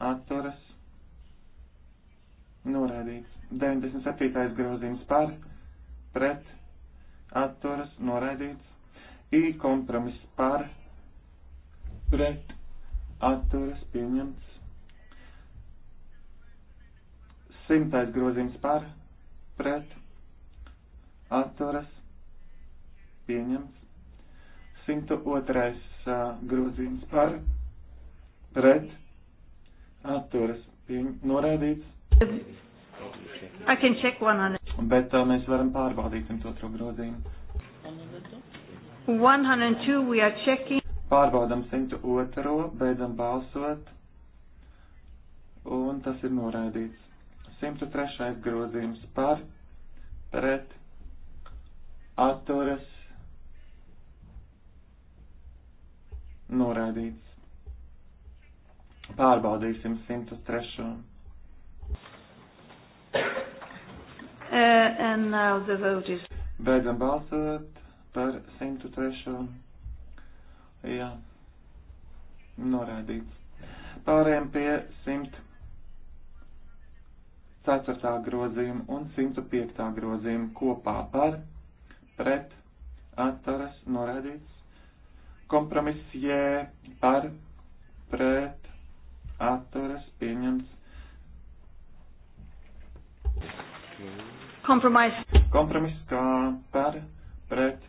atturas noraidīts. 97. grozījums par pret atturas noraidīts. I kompromiss par pret atturas pieņemts. Simtais grozījums par pret atturas pieņemts. 102. grozījums par pret atturas norādīts. I can check one on it. Bet uh, mēs varam pārbaudīt 102. grozījumu. 102 we are checking. Pārbaudam 102, beidzam balsot. Un tas ir noraidīts. 103. grozījums par pret atturas noraidīts. Pārbaudīsim 103. Uh, and now the vote is. Beidzam balsot par 103. Jā, noraidīts. Pārējām pie 104. grozījuma un 105. grozījuma kopā par, pret, atturas, noraidīts. Kompromis J par pret atturas pieņemts. Kompromis. Kompromis kā par pret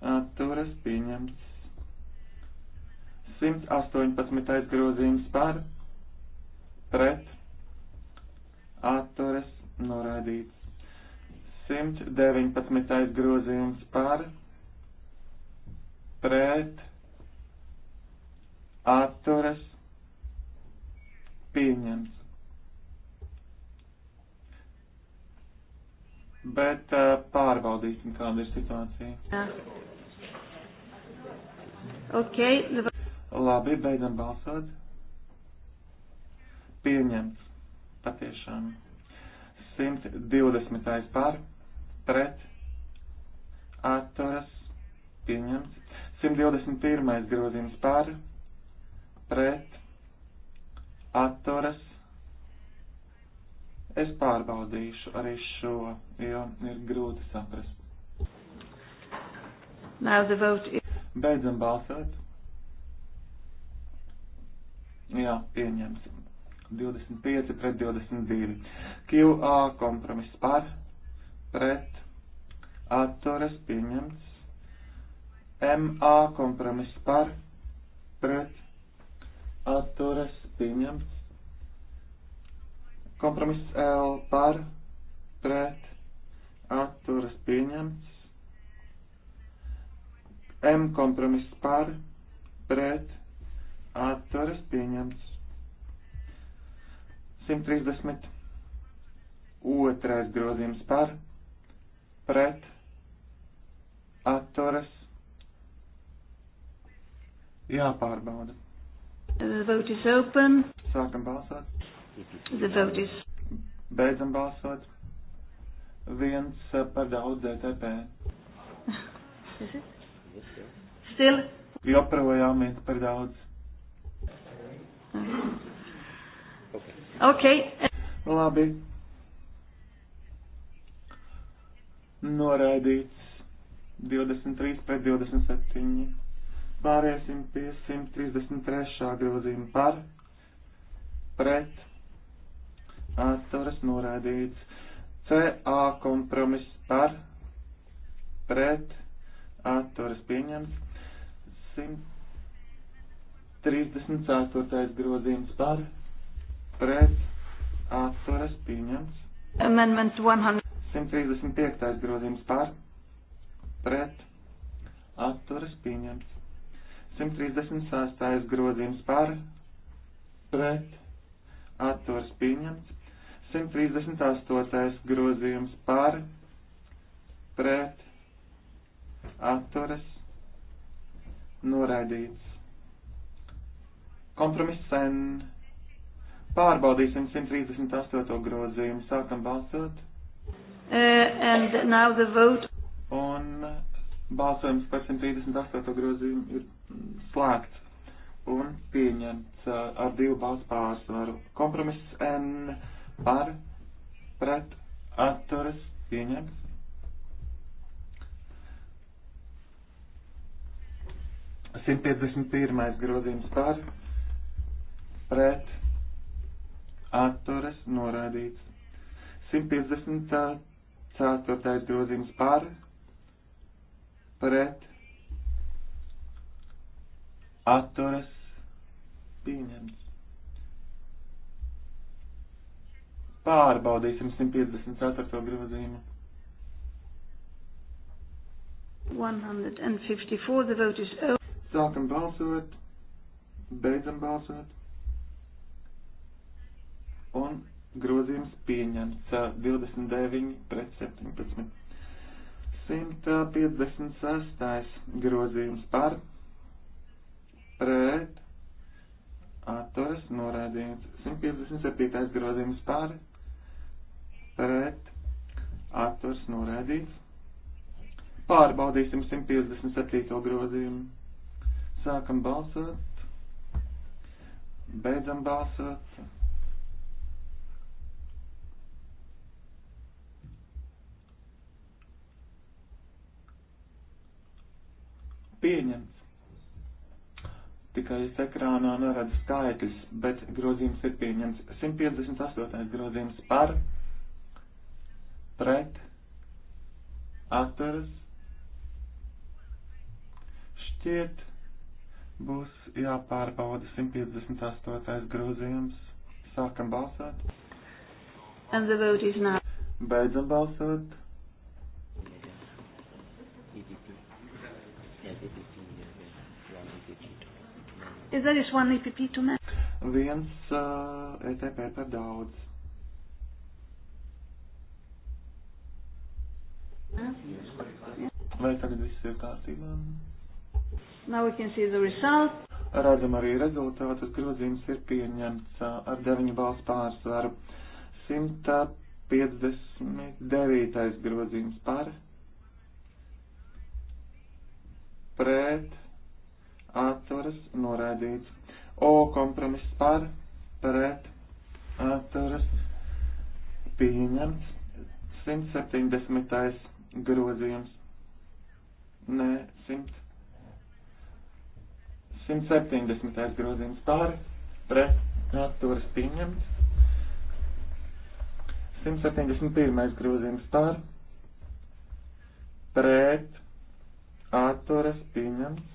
atturas pieņemts. 118. grozījums par pret atturas noraidīts. 119. grozījums par pret atturas pieņems. Bet uh, pārbaudīsim, kāda ir situācija. Jā. Okay. Nu Labi, beidzam balsot. Pieņemts. Patiešām. 120. par, pret, atturas, pieņemts. 121. grozījums par, pret pret, atturas. Es pārbaudīšu arī šo, jo ir grūti saprast. Is... Beidzam balsot. Jā, pieņemsim. 25 pret 22. QA kompromiss par, pret, atturas pieņemts. MA kompromiss par, pret, atturas pieņemts. Kompromiss L par pret atturas pieņemts. M kompromiss par pret atturas pieņemts. 130. Otrais grozījums par pret atturas jāpārbauda. The vote is open. Sākam balsot. The vote is. Beidzam balsot. Viens uh, par daudz DTP. Still. Joprojām viens par daudz. Okay. okay. Labi. Noraidīts 23 pret 27. Pāriesim pie 133. grozījuma par, pret, atturas norādīts. CA kompromiss par, pret, atturas pieņemts. 134. grozījums par, pret, atturas pieņemts. Amendment 100. 135. grozījums par, pret, atturas pieņemts. 136. grozījums par pret atturs pieņemts. 138. grozījums par pret atturas noraidīts. Kompromiss sen. Pārbaudīsim 138. grozījumu. Sākam balsot. Uh, and now the vote. Un balsojums par 138. grozījumu ir slēgts un pieņemts uh, ar divu balstu pārsvaru. Kompromiss N par pret atturas pieņemts. Simt piecdesmit pirmais grozījums par pret atturas noraidīts. 154. Uh, grozījums par pret atturas pieņemts. Pārbaudīsim 154. grozījumu. 154, the vote is over. Sākam balsot, beidzam balsot. Un grozījums pieņemts 29 pret 17. 156. grozījums par pret atturas norādīts. 157. grozījums par pret atturas norādīts. Pārbaudīsim 157. grozījumu. Sākam balsot. Beidzam balsot. Pieņemts tikai es ekrānā neredzu skaitļus, bet grozījums ir pieņemts 158. grozījums par, pret, atturas, šķiet, būs jāpārbauda 158. grozījums. Sākam balsot. And the vote is now. Beidzam balsot. Is there is one EPP too much? Viens uh, ETP par daudz. Vai tagad viss ir kārtībā? Now we can see the result. Redzam arī rezultātus. Grozījums ir pieņemts uh, ar 9 balsu pārsvaru. 159. grozījums par. Pret atturas noraidīts. O kompromiss par pret atturas pieņemts. 170. grozījums. Nē, 100. 170. grozījums par pret atturas pieņemts. 171. grozījums par pret atturas pieņemts.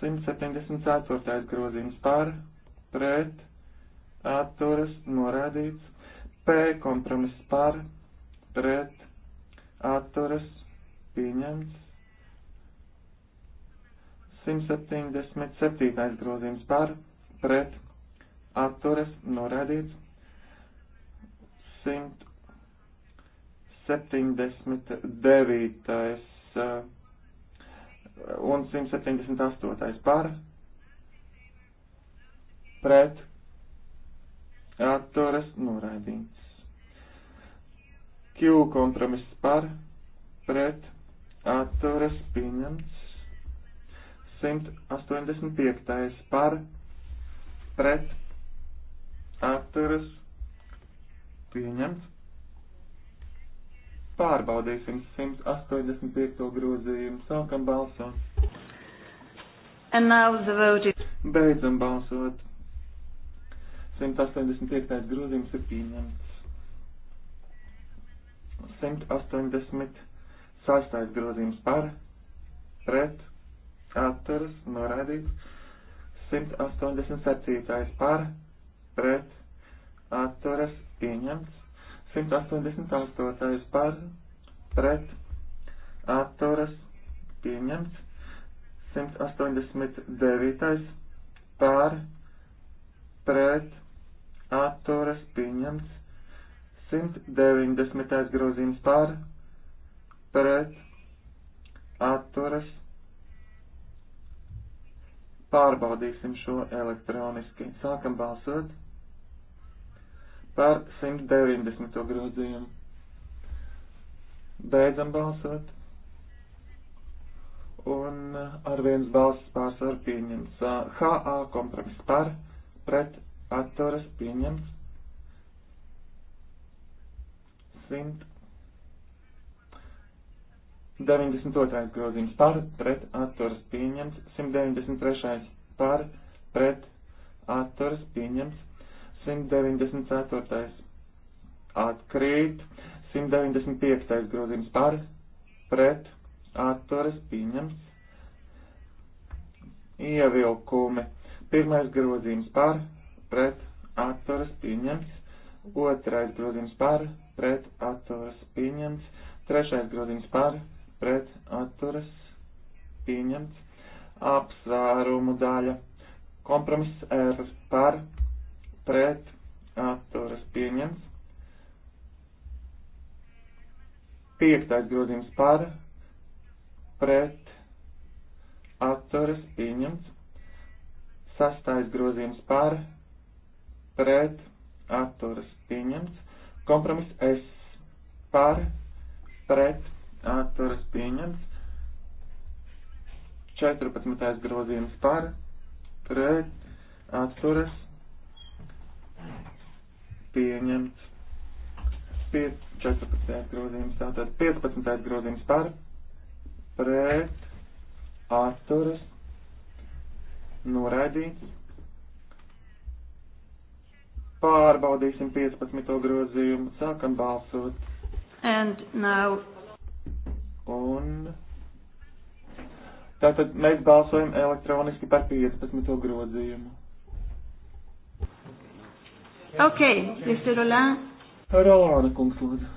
174. grozījums par, pret, atturas, norādīts. P kompromiss par, pret, atturas, pieņemts. 177. grozījums par, pret, atturas, norādīts. 179 un 178. par pret atturas noraidīts. Q kompromiss par pret atturas pieņemts. 185. par pret atturas pieņemts. Pārbaudīsim 185. grozījumu. Sākam balsot. And now the vote is... Beidzam balsot. 185. grozījums ir pieņemts. 186. grozījums par, pret, atturas, norādīts. 187. par, pret, atturas, pieņemts. 188. par pret atturas pieņemts. 189. par pret atturas pieņemts. 190. grozījums par pret atturas pārbaudīsim šo elektroniski. Sākam balsot par 190. grozījumu. Beidzam balsot. Un uh, ar viens balss pārsvaru pieņems. HA uh, kompromiss par, pret, atturas pieņems. 192. grozījums par, pret, atturas pieņems. 193. par, pret, atturas pieņems. 194. atkrīt, 195. grozījums par, pret, atturas pieņemts, ievilkumi, pirmais grozījums par, pret, atturas pieņemts, otrais grozījums par, pret, atturas pieņemts, trešais grozījums par, pret, atturas pieņemts, apsvērumu daļa, kompromiss R par, pret atturas pieņemts. Piektais grozījums par pret atturas pieņemts. Sastais grozījums par pret atturas pieņemts. Kompromiss S par pret atturas pieņemts. 14. grozījums par pret atturas pieņemts pieņemts. Pie 14. grozījums, tātad 15. grozījums par, pret, atturas, noraidīts. Pārbaudīsim 15. grozījumu, sākam balsot. And now. Un. Tātad mēs balsojam elektroniski par 15. grozījumu. Ok, Mr. Roland. Roland, kungs, lūdzu.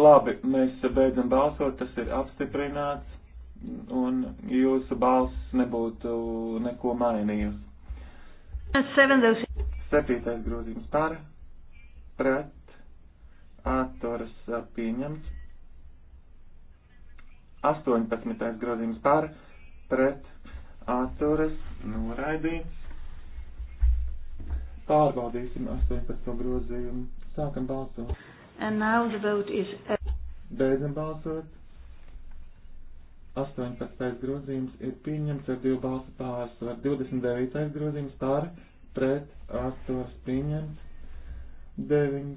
Labi, mēs beidzam balsot, tas ir apstiprināts, un jūsu balss nebūtu neko mainījusi. Septītais grozījums par, pret, atturas uh, pieņemts. Astoņpadsmitais grozījums par, pret, atturas noraidīts. Pārbaudīsim 18. grozījumu. Sākam balsot. And now the vote is... Uh, Beidzam balsot. 18. grozījums ir pieņemts ar divu balsu pārsvaru. 29. grozījums par, pret, atturas pieņemts. 9.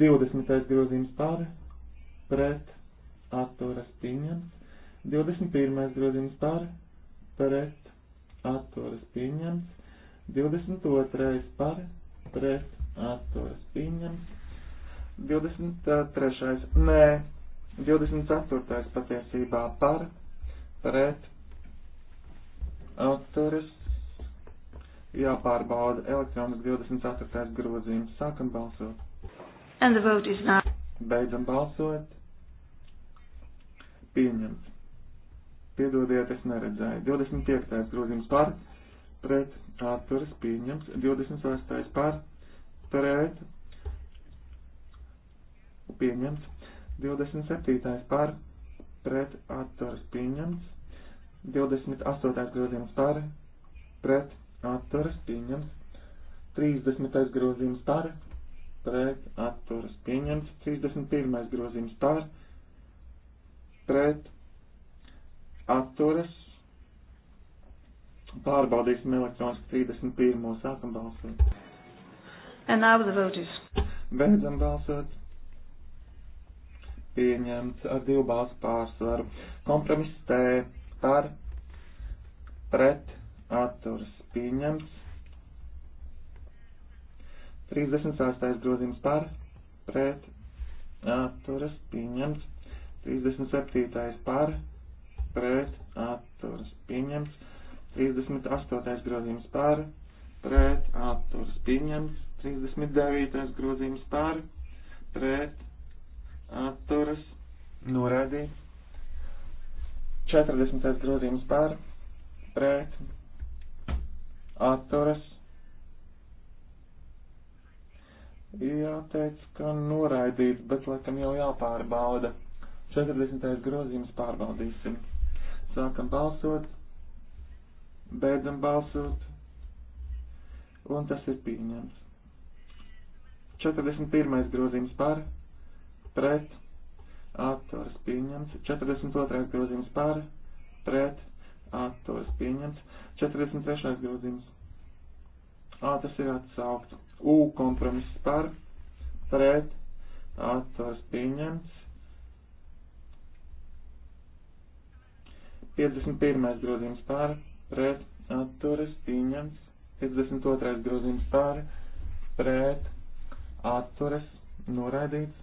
20. grozījums par, pret, atturas pieņemts. 21. grozījums par pret atturas pieņemts. 22. par pret atturas pieņemts. 23. nē, 24. patiesībā par pret atturas jāpārbauda elektronisks 24. grozījums. Sākam balsot. And the vote is now. Beidzam balsot. Pieņemts. Piedodiet, es neredzēju. 25. grozījums par, pret, atturas pieņemts. 26. par, pret, pieņemts. 27. par, pret, atturas pieņemts. 28. grozījums par, pret, atturas pieņemts. 30. grozījums par, pret, atturas pieņemts. 31. grozījums par, pret, atturas. Pārbaudīsim elektroniski 31. sākam balsot. And now the vote is. Beidzam balsot. Pieņemts ar divu balsu pārsvaru. Kompromiss T par pret atturas pieņemts. 36. grozījums par pret atturas pieņemts. 37. par pret pret, atturas pieņemts. 38. grozījums pār, pret, atturas pieņemts. 39. grozījums pār, pret, atturas, norādīts. 40. grozījums pār, pret, atturas. Jāteic, ka noraidīts, bet laikam jau jāpārbauda. 40. grozījums pārbaudīsim. Sākam balsot, beidzam balsot, un tas ir pieņemts. 41. grozījums par, pret, atturs pieņemts. 42. grozījums par, pret, atturs pieņemts. 43. grozījums. Ā, tas ir atsaukt. U kompromiss par, pret, atturs pieņemts. 51. grozījums pār, pret, atturas, pieņemts. 52. grozījums pār, pret, atturas, noraidīts.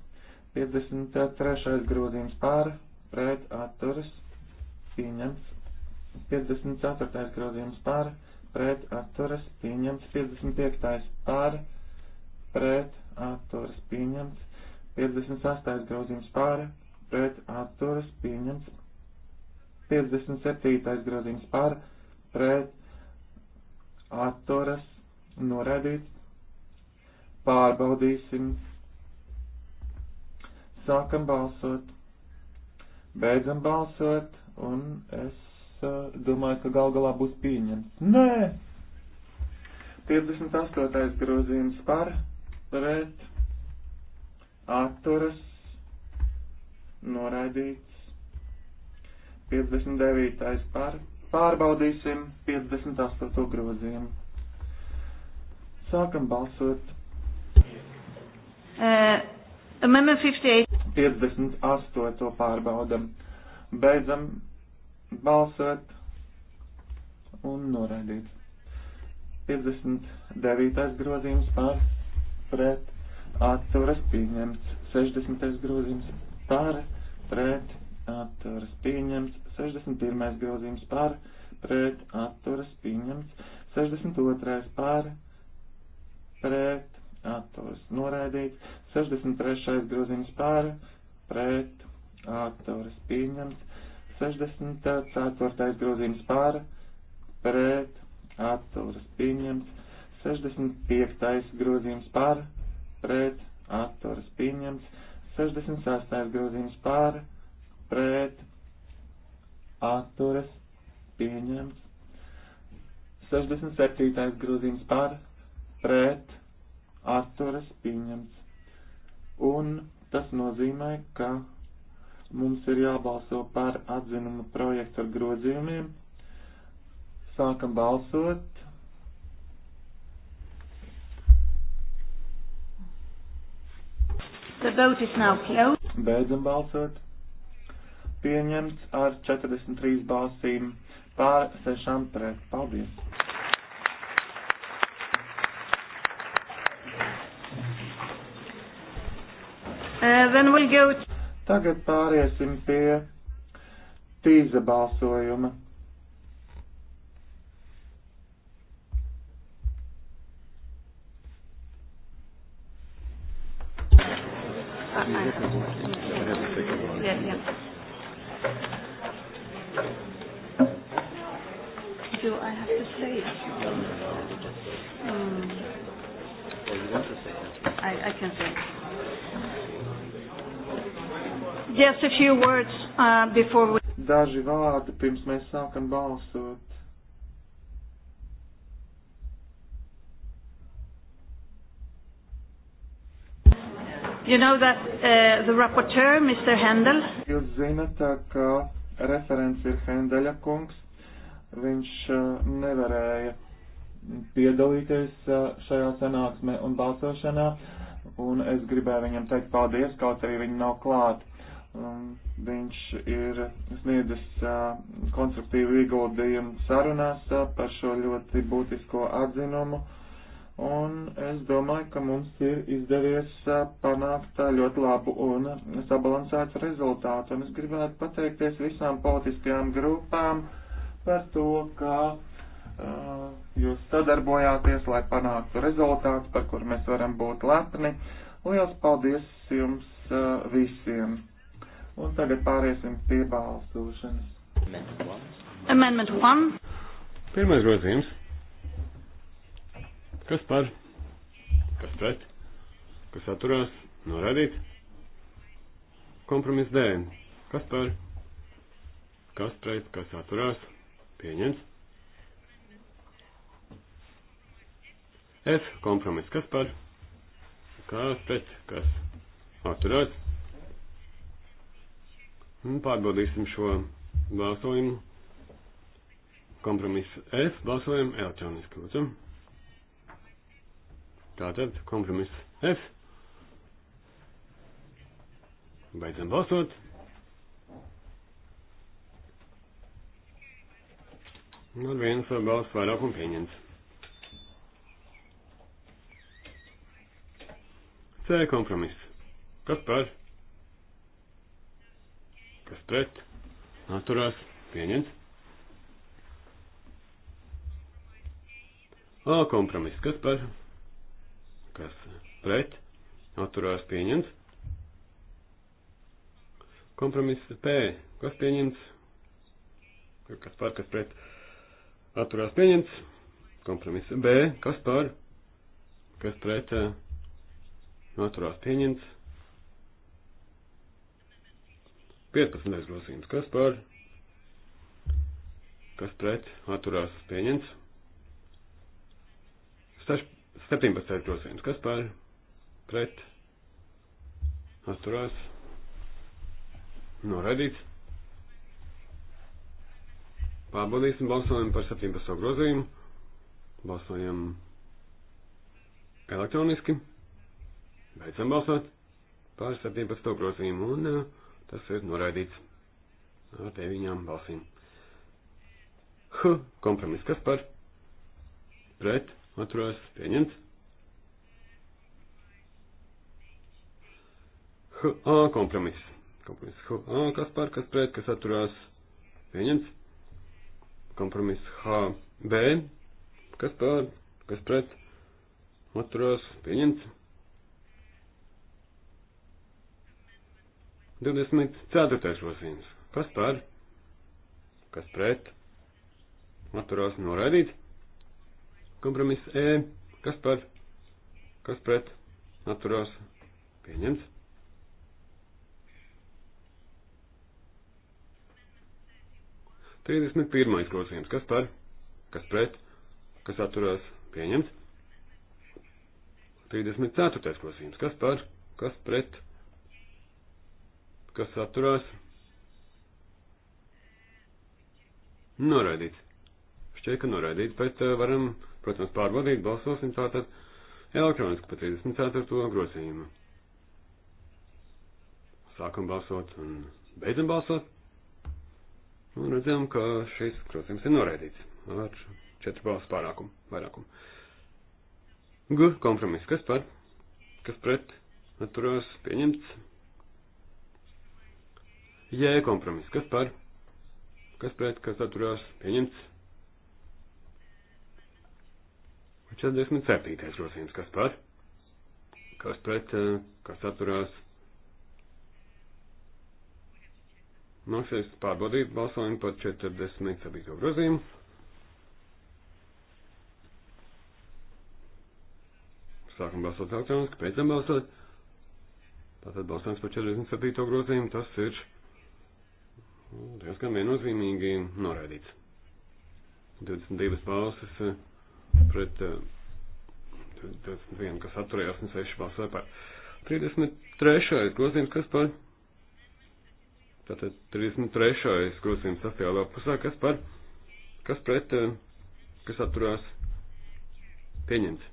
53. grozījums pār, pret, atturas, pieņemts. 54. grozījums pār, pret, atturas, pieņemts. 55. pār, pret, atturas, pieņemts. 58. grozījums pār, pret, atturas, pieņemts. 57. grozījums par pret atturas noraidīts. Pārbaudīsim. Sākam balsot. Beidzam balsot. Un es uh, domāju, ka gal galā būs pieņemts. Nē! 58. grozījums par pret atturas noraidīts. 59. par. Pārbaudīsim 58. grozījumu. Sākam balsot. Uh, amendment 58. 58. pārbaudam. Beidzam balsot un noraidīt. 59. grozījums pār pret atturas pieņemts. 60. grozījums pār pret atturas pieņemts, 61. grozījums par, pret atturas pieņemts, 62. par, pret atturas noraidīts, 63. grozījums par, pret atturas pieņemts, 64. grozījums par, pret atturas pieņemts, 65. grozījums par, pret atturas pieņemts, 66. grozījums par, pret pret, atturas, pieņemts. 67. grozījums par, pret, atturas, pieņemts. Un tas nozīmē, ka mums ir jābalso par atzinumu projektu ar grozījumiem. Sākam balsot. The vote is now closed. Beidzam balsot pieņemts ar 43 balsīm pār 6 pret. Paldies! Uh, then we'll go to... Tagad pāriesim pie tīza balsojuma. Just a few words uh, before we... Daži vārdi pirms mēs sākam balsot. You know that uh, the rapporteur, Mr. Hendel. Jūs zinat, uh, ka referents ir Hendeļa kungs. Viņš uh, nevarēja piedalīties uh, šajā sanāksmē un balsošanā, un es gribēju viņam teikt paldies, kaut arī viņi nav klāt um, viņš ir sniedzis uh, konstruktīvu ieguldījumu sarunās uh, par šo ļoti būtisko atzinumu. Un es domāju, ka mums ir izdevies uh, panākt uh, ļoti labu un sabalansētu rezultātu. Un es gribētu pateikties visām politiskajām grupām par to, ka uh, jūs sadarbojāties, lai panāktu rezultātu, par kur mēs varam būt lepni. Lielas paldies jums uh, visiem! Un tagad pāriesim pie balsošanas. Amendment 1. Pirmais grozījums. Kas par? Kas pret? Kas atturās? Norādīt. Kompromiss D. Kas par? Kas pret? Kas atturās? Pieņemts. F. Kompromiss. Kas par? Kas pret? Kas atturās? Un nu, pārbaudīsim šo balsojumu. Kompromiss F balsojam elektroniski, lūdzu. Tātad kompromiss F. Beidzam balsot. Un nu, ar vienu savu balsu vairāk un pieņemts. C kompromiss. Kas par? kas pret, atturās, pieņemts. A kompromiss, kas par, kas pret, atturās, pieņemts. Kompromiss P, kas pieņemts, kas par, kas pret, atturās, pieņemts. Kompromiss B, kas par, kas pret, atturās, pieņemts. 15. grozījums. Kas par? Kas pret? Atturās pieņemts. 17. grozījums. Kas par? Pret? Atturās. Noraidīts. Pārbaudīsim balsojumu par 17. grozījumu. Balsojam elektroniski. Beidzam balsot par 17. grozījumu. Un, uh, Tas ir noraidīts ar deviņām balsīm. H. Kompromiss. Kas par? Pret. Atturās. Pieņemts. H. A. Kompromiss. Kompromiss. H. A. Kas par? Kas pret? Kas atturās? Pieņemts. Kompromiss. H. B. Kas par? Kas pret? Atturās. Pieņemts 24. grozījums. Kas par? Kas pret? Atturās noraidīt. Kompromiss E. Kas par? Kas pret? Atturās. Pieņemts. Trīsdesmit pirmais grozījums. Kas par? Kas pret? Kas atturās? Pieņemts. 34. grozījums. Kas par? Kas pret? kas atturās. Noraidīts. Šķiet, ka noraidīts, bet eh, varam, protams, pārbaudīt, balsosim tātad elektroniski pa 34. grozījumu. Sākam balsot un beidzam balsot. Un redzam, ka šis krosījums ir noraidīts ar četru balsu pārākumu, vairākumu. G kompromiss, kas par, kas pret, atturās pieņemts. J kompromiss. Kas par? Kas pret? Kas atturās? Pieņemts. 47. grozījums. Kas par? Kas pret? Eh, kas atturās? Nāksies nu, pārbaudīt balsojumu par 47. grozījumu. Sākam balsot elektroniski, pēc tam balsot. Tātad balsojums par 47. grozījumu, tas ir Nu, diezgan viennozīmīgi noraidīts. 22 balsis eh, pret 21, eh, kas atturējās, un 6 balsoja par. 33. grozījums, kas par? Tātad 33. grozījums sastajā lapusā, kas par? Kas pret? Eh, kas atturās? Pieņemts.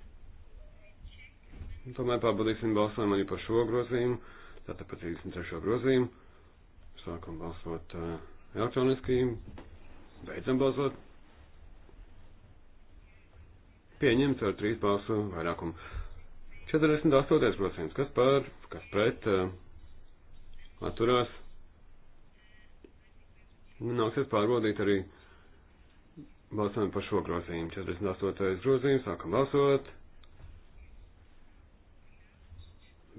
Un tomēr pārbaudīsim balsojumu arī par šo grozījumu, tātad par 33. grozījumu. Sākam balsot uh, elektroniski. Beidzam balsot. Pieņemts ar trīs balsu vairākumu. 48%. Kas par, kas pret, uh, atturās. Nāksies pārbaudīt arī balsojumu par šo grozījumu. 48. grozījums. Sākam balsot.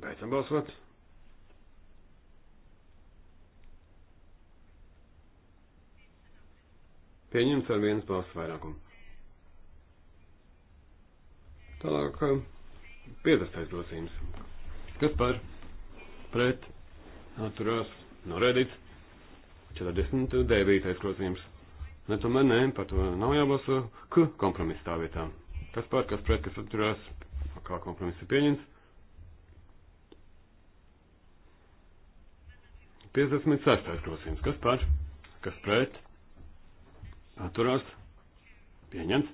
Beidzam balsot. Pieņemts ar vienas balss vairākumu. Tālāk, 50. Um, grozījums. Kas par pret atturās norēdīts? 49. grozījums. Ne, tomēr nē, par to nav jābalso. K kompromiss tā vietā. Kas par, kas pret, kas atturās, kā kompromiss ir pieņemts? 56. grozījums. Kas par, kas pret, Atturās. Pieņemts.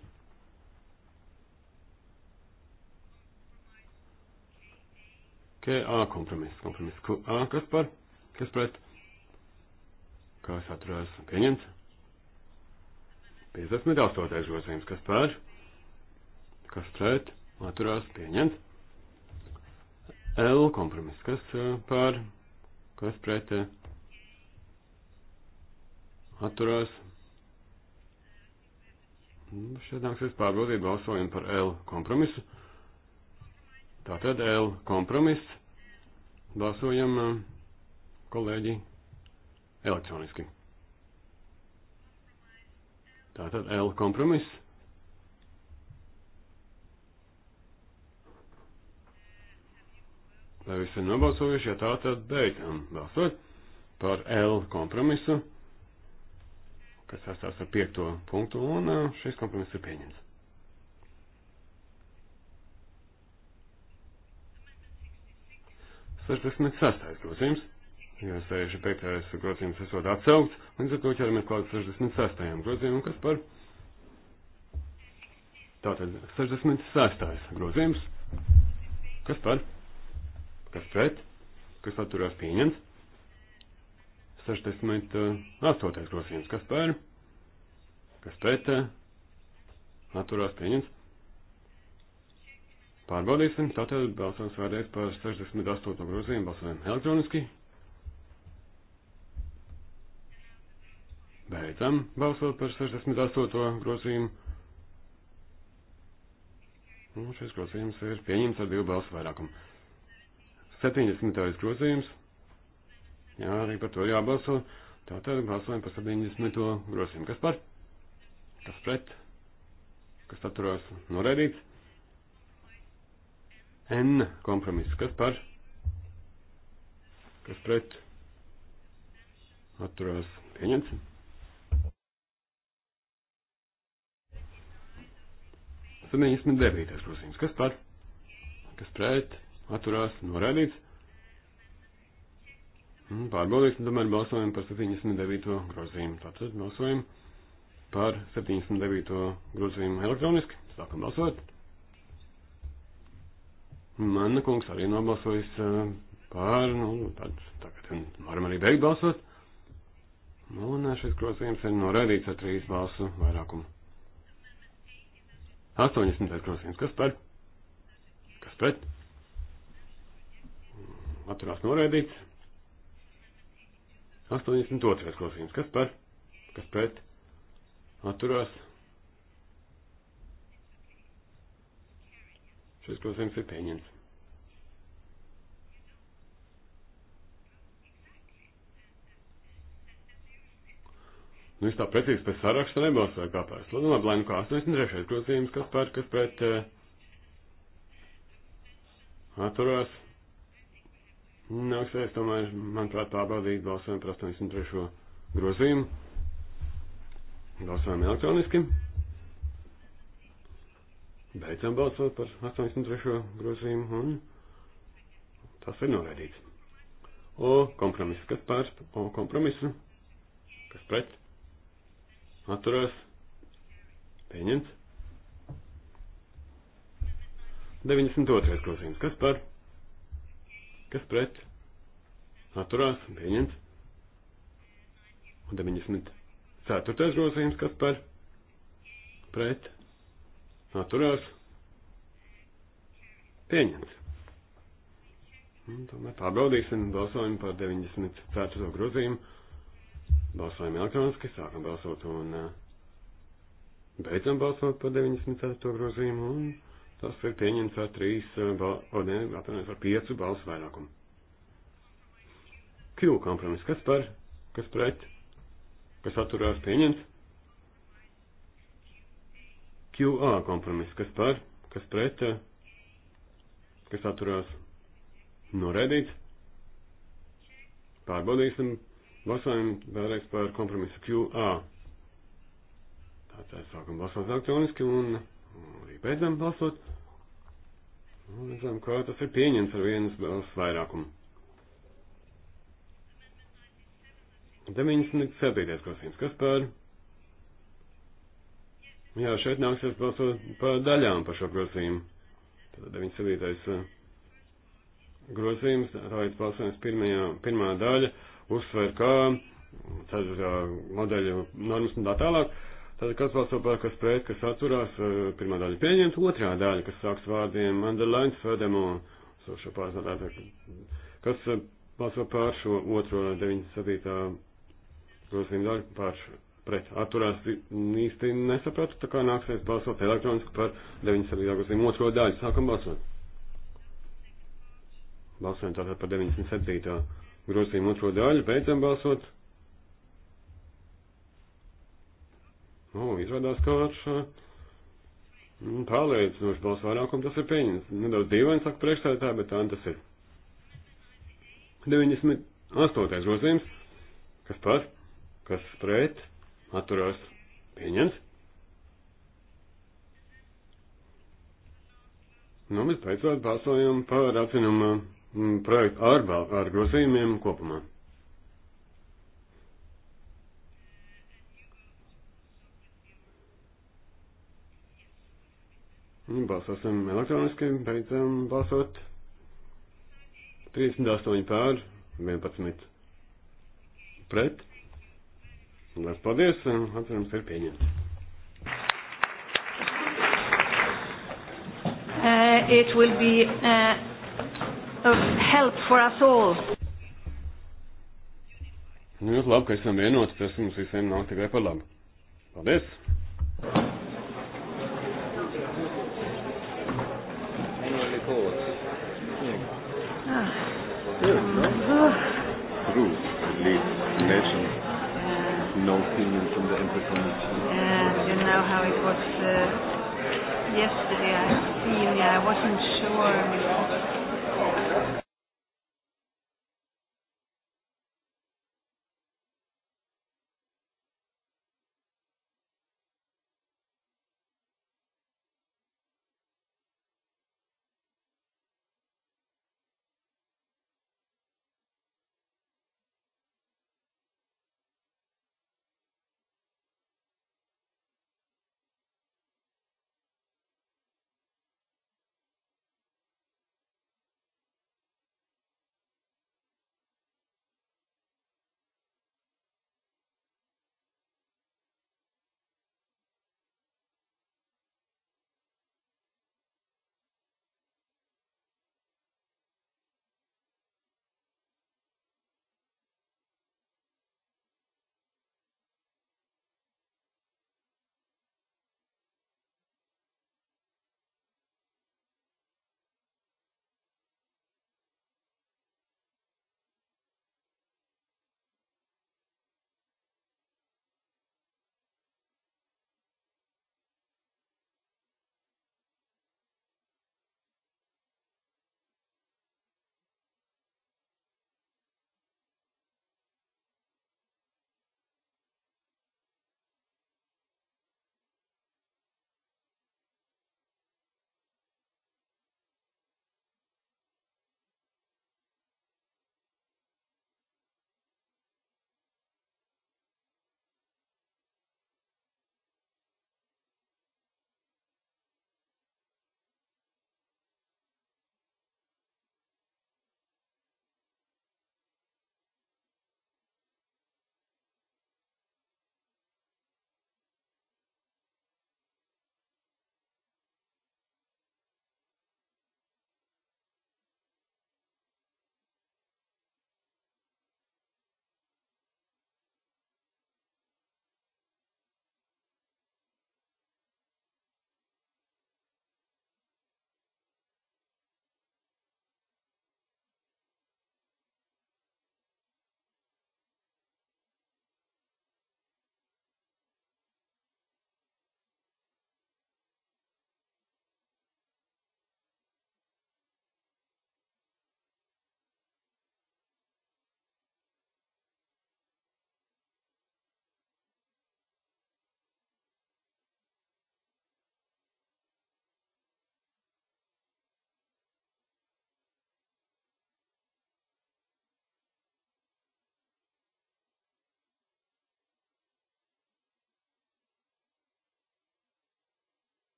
KA kompromiss. Kompromiss KA. Kas par? Kas pret? Kā es atturējos? Pieņemts. 58. grozījums. Kas par? Kas pret? Atturās. Pieņemts. L kompromiss. Kas uh, par? Kas pret? Atturās. Šeit nāks vispār grūtību balsojumu par L kompromisu. Tātad L kompromis. Balsojam, eh, kolēģi, elektroniski. Tātad L kompromis. Lai visi ir nobalsojuši, ja tā tad beidzam balsot par L kompromisu kas sastāvs ar piekto punktu, un uh, šis kompromiss ir pieņemts. Sešdesmit sastais grozījums, jo seši piektais grozījums esot atsaukts, līdz ar to ķeramies klāt 66. grozījumam, kas par tātad 66. grozījums, kas par, kas pret, kas atturās pieņemts. 68. Eh, grozījums. Kas par? Kas pret? Atturās pieņems. Pārbaudīsim. Tātad balsojums vēlreiz par 68. grozījumu. Balsojam elektroniski. Beidzam balsot par 68. grozījumu. Un šis grozījums ir pieņemts ar divu balsu vairākumu. 70. grozījums. Jā, arī par to jābalso. Tātad balsojam par 70. grozījumu. Kas par? Kas pret? Kas atturās? Noraidīts. N kompromiss. Kas par? Kas pret? Atturās. Pieņemts. Sadēļas 9. grozījums. Kas par? Kas pret? Atturās. Noraidīts. Nu, pārbaudīsim, tomēr balsojam par 79. grozījumu. Tātad balsojam par 79. grozījumu elektroniski. Sākam balsot. Mana kungs arī nobalsojis eh, par, nu, tad tagad varam arī beigt balsot. Nu, un eh, šis grozījums ir noraidīts ar trīs balsu vairākumu. 80. grozījums. Kas par? Kas pret? Atturās noraidīts. 82. grozījums. Kas par? Kas pret? Atturās. Šis grozījums ir pieņemts. Nu, es tā precīzi pēc saraksta nebalsoju, kāpēc. Nu, labi, lai nu kā 83. grozījums, kas par, kas pret uh, atturās. Nāksies, nu, tomēr, manuprāt, pārbaudīt balsojumu par 83. grozījumu. Balsojam elektroniski. Beidzam balsot par 83. grozījumu un tas ir noraidīts. O kompromiss, kas pār O kompromisu, kas pret, atturās, pieņemts. 92. grozījums, kas par Kas pret? Atturās. Pieņemts. Un 94. grozījums. Kas par? Pret. Atturās. Pieņemts. Un tomēr pārbaudīsim balsojumu par 94. grozījumu. Balsojam elektroniski, sākam balsot un uh, beidzam balsot par 94. grozījumu. Un, Tas tiek pieņemts ar trīs, eh, o ne, atvainojos, ar piecu balsu vairākumu. Q kompromiss. Kas par? Kas pret? Kas atturās pieņemts? QA kompromiss. Kas par? Kas pret? Kas atturās noraidīts? Pārbaudīsim. Balsojam vēlreiz par kompromisu QA. Tātad sākam balsot elektroniski un arī beidzam balsot. Nu, redzam, kā tas ir pieņemts ar vienas balss vairākumu. 97. grozījums. Kas par? Jā, šeit nāksies balsot par daļām par šo grozījumu. Tad 97. Eh, grozījums, tā ir balsojums pirmajā, pirmā daļa, uzsver kā, tad modeļu normas un tā tālāk. Tātad, kas balso par, kas pret, kas atturās, eh, pirmā daļa pieņemta, otrā daļa, kas sāks vārdiem underline, furthermore, so šo pārzādātā, kas eh, balso par šo otro 97. grozījuma daļu, par pret atturās īsti nesapratu, tā kā nāksies balsot elektroniski par 97. grozījumu otro daļu. Sākam balsot. Balsojam tātad par 97. grozījumu otro daļu, beidzam balsot. Nu, izrādās, ka ar nu, pārliecinošu balsu vairākumu tas ir pieņemts. Nedaudz dīvaini saka priekšstādātāji, bet tā tas ir. 98. grozījums, kas par, kas pret, atturās pieņemts. Nu, mēs beidzot balsojam par atzinumu mm, projektu ar, ar grozījumiem kopumā. Balsosim elektroniski, beidzam balsot. 38 pār, 11 pret. Lielas paldies, atcerams, ir pieņemts. Uh, it will be uh, of help for us all. Nu, ļoti labi, ka esam vienoti, tas mums visiem nav tikai par labu. Paldies! recommendation. No opinion from the MP committee. Uh, I don't know how it was uh, yesterday. I seen. Yeah, I wasn't sure.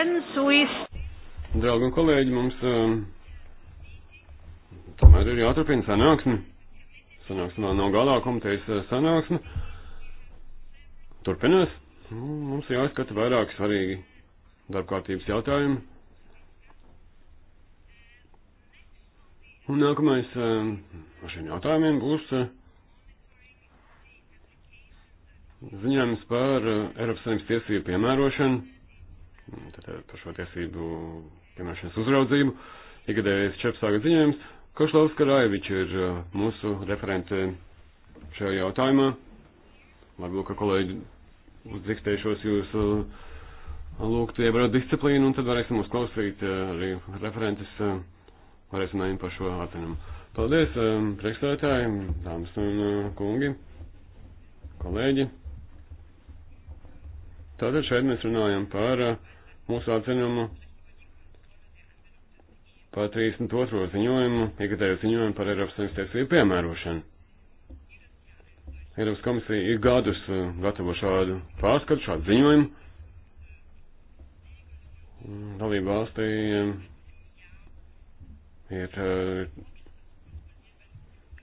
friends, we... Draugi un kolēģi, mums um, tomēr ir jāturpina sanāksme. Sanāksme vēl nav galā, komitejas uh, sanāksme. Turpinās. Nu, mums jāizskata vairāk svarīgi darbkārtības jautājumi. Un nākamais um, ar šiem jautājumiem būs. Uh, ziņojums par uh, Eiropas Savienības tiesību piemērošanu tātad par šo tiesību piemērošanas uzraudzību. Ikgadējais 14. ziņojums, Košlovs Karājevičs ir uh, mūsu referente šajā jautājumā. Labi, lūk, ka kolēģi uzdrīkstējušos jūs uh, lūgt ievērot disciplīnu, un tad varēsim uzklausīt uh, arī referentes, varēsim naimt par šo atzinumu. Paldies, um, priekšstādātāji, dāmas un kungi, kolēģi. Tātad šeit mēs runājam par uh, mūsu atzinumu par 32. ziņojumu, ikgadēju ziņojumu par Eiropas Savienības tiesību piemērošanu. Eiropas komisija ir gadus uh, gatavo šādu pārskatu, šādu ziņojumu. Dalība valstī um, ir uh,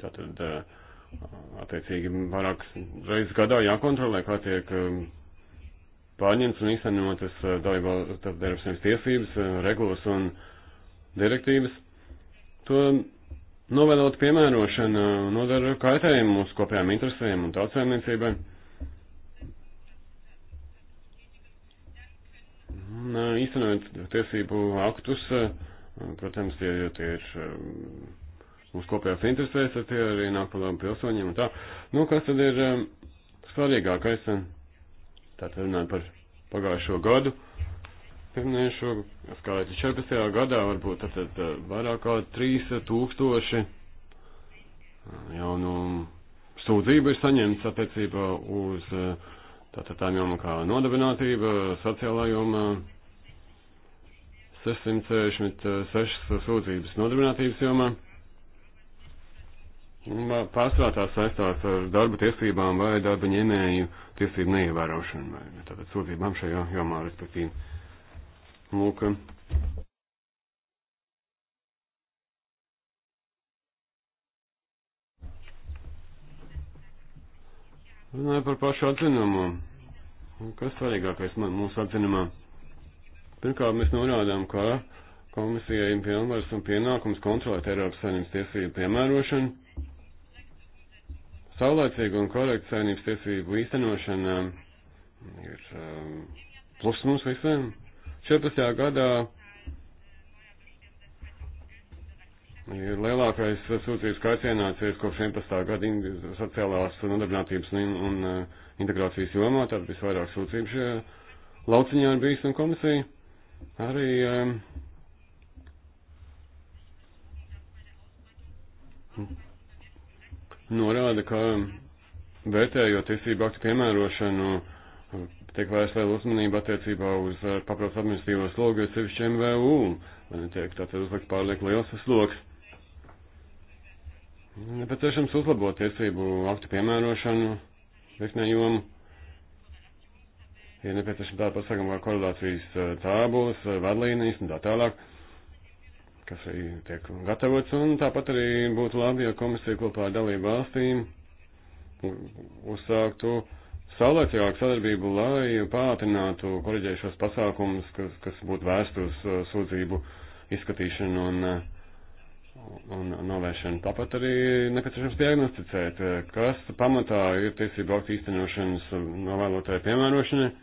tātad uh, attiecīgi vairākas reizes gadā jākontrolē, kā tiek um, pārņemts un īstenotas eh, dalībā Eiropas Savienības tiesības, eh, regulas un direktīvas. To Novēlot piemērošana nodara kaitējumu mūsu kopējām interesēm un tautsēmniecībai. Eh, Īstenojot tiesību aktus, protams, tie, tie ir mūsu kopējās interesēs, tie arī nāk par labu pilsoņiem un tā. Nu, kas tad ir svarīgākais? Un Tātad runājam par pagājušo gadu. Pirmniešu skaitļu 14. gadā varbūt tātad eh, vairāk kā 3000 eh, jaunu sūdzību ir saņemts attiecībā uz eh, tātad tām jomām kā nodarbinātība, sociālā jomā. 666 sūdzības nodarbinātības jomā. Pārsvarā tās saistās ar darba tiesībām vai darba ņēmēju tiesību neievērošanu, vai tātad sūdzībām šajā jomā, respektīvi. Lūk. Runāju par pašu atzinumu. Kas svarīgākais man, mūsu atzinumā? Pirmkārt, mēs norādām, ka komisijai ir pilnvars un pienākums kontrolēt Eiropas saimnības tiesību piemērošanu Saulēcīga un korekta saimnības tiesību īstenošana ir um, plus mums visiem. 14. gadā ir lielākais sūdzības skaits ienācies kopš 11. gada sociālās nodarbinātības un, un uh, integrācijas jomā, tad visvairāk sūdzību šajā lauciņā ir bijis un komisija arī um, norāda, ka vērtējot tiesību aktu piemērošanu, tiek vērsta liela uzmanība attiecībā uz eh, papildus administratīvo slogu, jo sevišķi MVU, lai eh, netiek tātad uzlikt pārlieku liels sloks. Nepieciešams uzlabot tiesību aktu piemērošanu, virknē jomu. Ir nepieciešama tāda pasakama korelācijas tābulas, eh, vadlīnijas un tā tālāk kas arī tiek gatavots, un tāpat arī būtu labi, ja komisija kopā ar dalību valstīm uzsāktu saulēcīgāku sadarbību, lai pātrinātu koriģējušos pasākumus, kas, kas būtu vērst uz uh, sūdzību izskatīšanu un, uh, un novēršanu. Tāpat arī nepieciešams diagnosticēt, uh, kas pamatā ir tiesību aktu īstenošanas novēlotāju piemērošanai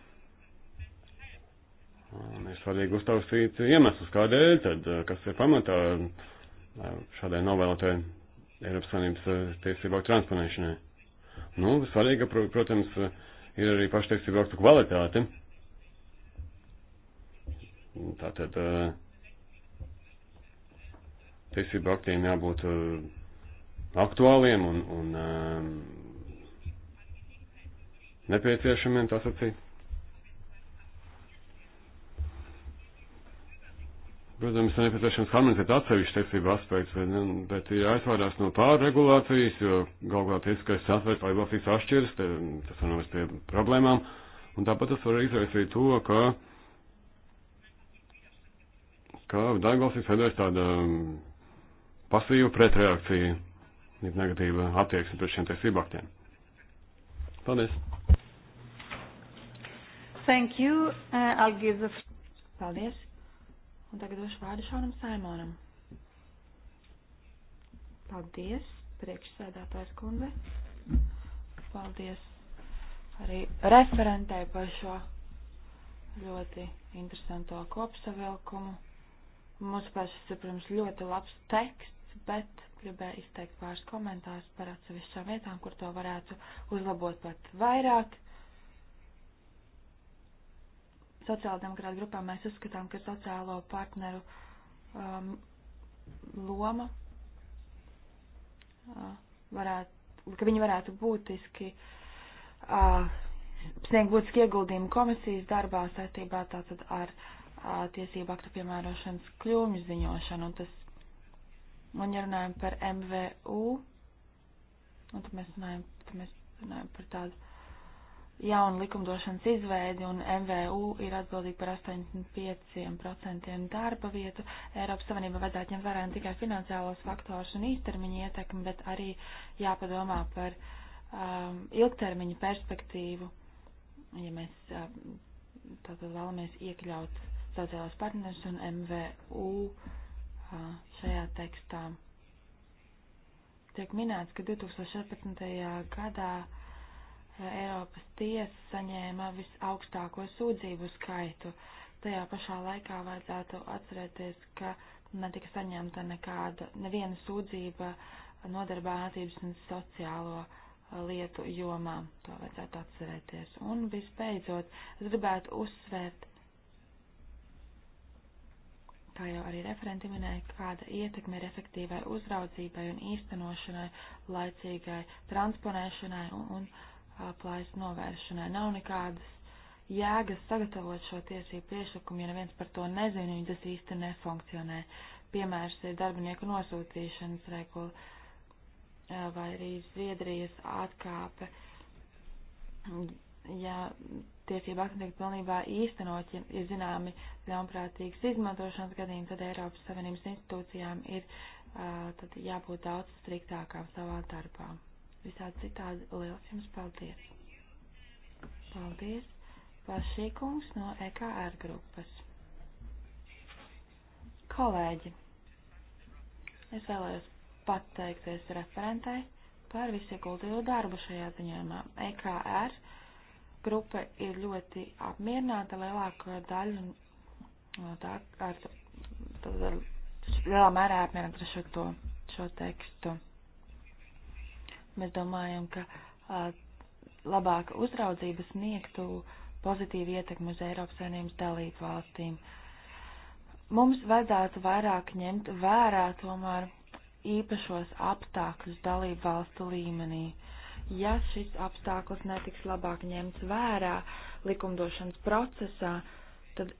Un ir svarīgi uztaustīt iemeslus, kādēļ, tad, eh, kas ir pamatā eh, šādai novēlotai Eiropas Savienības eh, tiesību aktu transponēšanai. Nu, svarīga, protams, ir arī paštiesību aktu kvalitāte. Tātad tiesību aktiem jābūt aktuāliem un, un nepieciešamiem, tā sacīt. Protams, ir nepieciešams harmonizēt atsevišķu tiesību aspektus, bet, ne, bet ir aizvārās no pārregulācijas, jo galvā tiesiskais atvērts vai valstīs atšķiras, te, mm, tas var novest pie problēmām. Un tāpat tas var izraisīt to, ka, ka daļvalstīs veidojas tāda mm, pasīva pretreakcija, ir negatīva attieksme pret šiem tiesību aktiem. Paldies! Thank you. Uh, I'll give the... Paldies. Un tagad došu vārdu Šaunam Saimonam. Paldies, priekšsēdētājs kundze. Paldies arī referentē par šo ļoti interesanto kopsavilkumu. Mums pašas ir, protams, ļoti labs teksts, bet gribēju izteikt pāris komentārus par atsevišķām vietām, kur to varētu uzlabot pat vairāk. Sociāldemokrāta grupā mēs uzskatām, ka sociālo partneru um, loma uh, varētu, ka viņi varētu būtiski uh, sniegt būtiski ieguldījumu komisijas darbā saistībā tātad ar uh, tiesību aktu piemērošanas kļūmju ziņošanu. Un tas, un ja runājam par MVU, un tad mēs runājam, tad mēs runājam par tādu jaunu likumdošanas izveidi un MVU ir atbildīgi par 85% darba vietu. Eiropas Savienība vajadzētu ņemt vērā ne tikai finansiālos faktors un īstermiņa ietekmi, bet arī jāpadomā par um, ilgtermiņa perspektīvu, ja mēs um, tātad vēlamies iekļaut sociālās partners un MVU uh, šajā tekstā. Tiek minēts, ka 2016. gadā Eiropas tiesa saņēma visaugstāko sūdzību skaitu. Tajā pašā laikā vajadzētu atcerēties, ka netika saņemta nekāda, neviena sūdzība nodarbinātības un sociālo lietu jomā. To vajadzētu atcerēties. Un visbeidzot, es gribētu uzsvērt, kā jau arī referenti minēja, kāda ietekme ir efektīvai uzraudzībai un īstenošanai, laicīgai transponēšanai un, un plājas novēršanai. Nav nekādas jēgas sagatavot šo tiesību priešlikumu, ja neviens par to nezina, un tas īsti nefunkcionē. Piemērs ir darbinieku nosūtīšanas regula vai arī Zviedrijas atkāpe. Ja tiesība akti tiek pilnībā īstenot, ja ir zināmi ļaunprātīgas izmantošanas gadījumi, tad Eiropas Savienības institūcijām ir tad jābūt daudz striktākām savā darbā visādi citādi liels jums paldies. Paldies, Vašīkungs no EKR grupas. Kolēģi, es vēlējos pateikties referentai par visu ieguldīto darbu šajā ziņojumā. EKR grupa ir ļoti apmierināta lielāko daļu no tā, ar, tad, lielā mērā apmierināta ar šo, to, šo tekstu. Mēs domājam, ka uh, labāka uzraudzība sniegtu pozitīvu ietekmi uz Eiropas Savienības dalību valstīm. Mums vajadzētu vairāk ņemt vērā tomēr īpašos apstākļus dalību valstu līmenī. Ja šis apstākļus netiks labāk ņemts vērā likumdošanas procesā, tad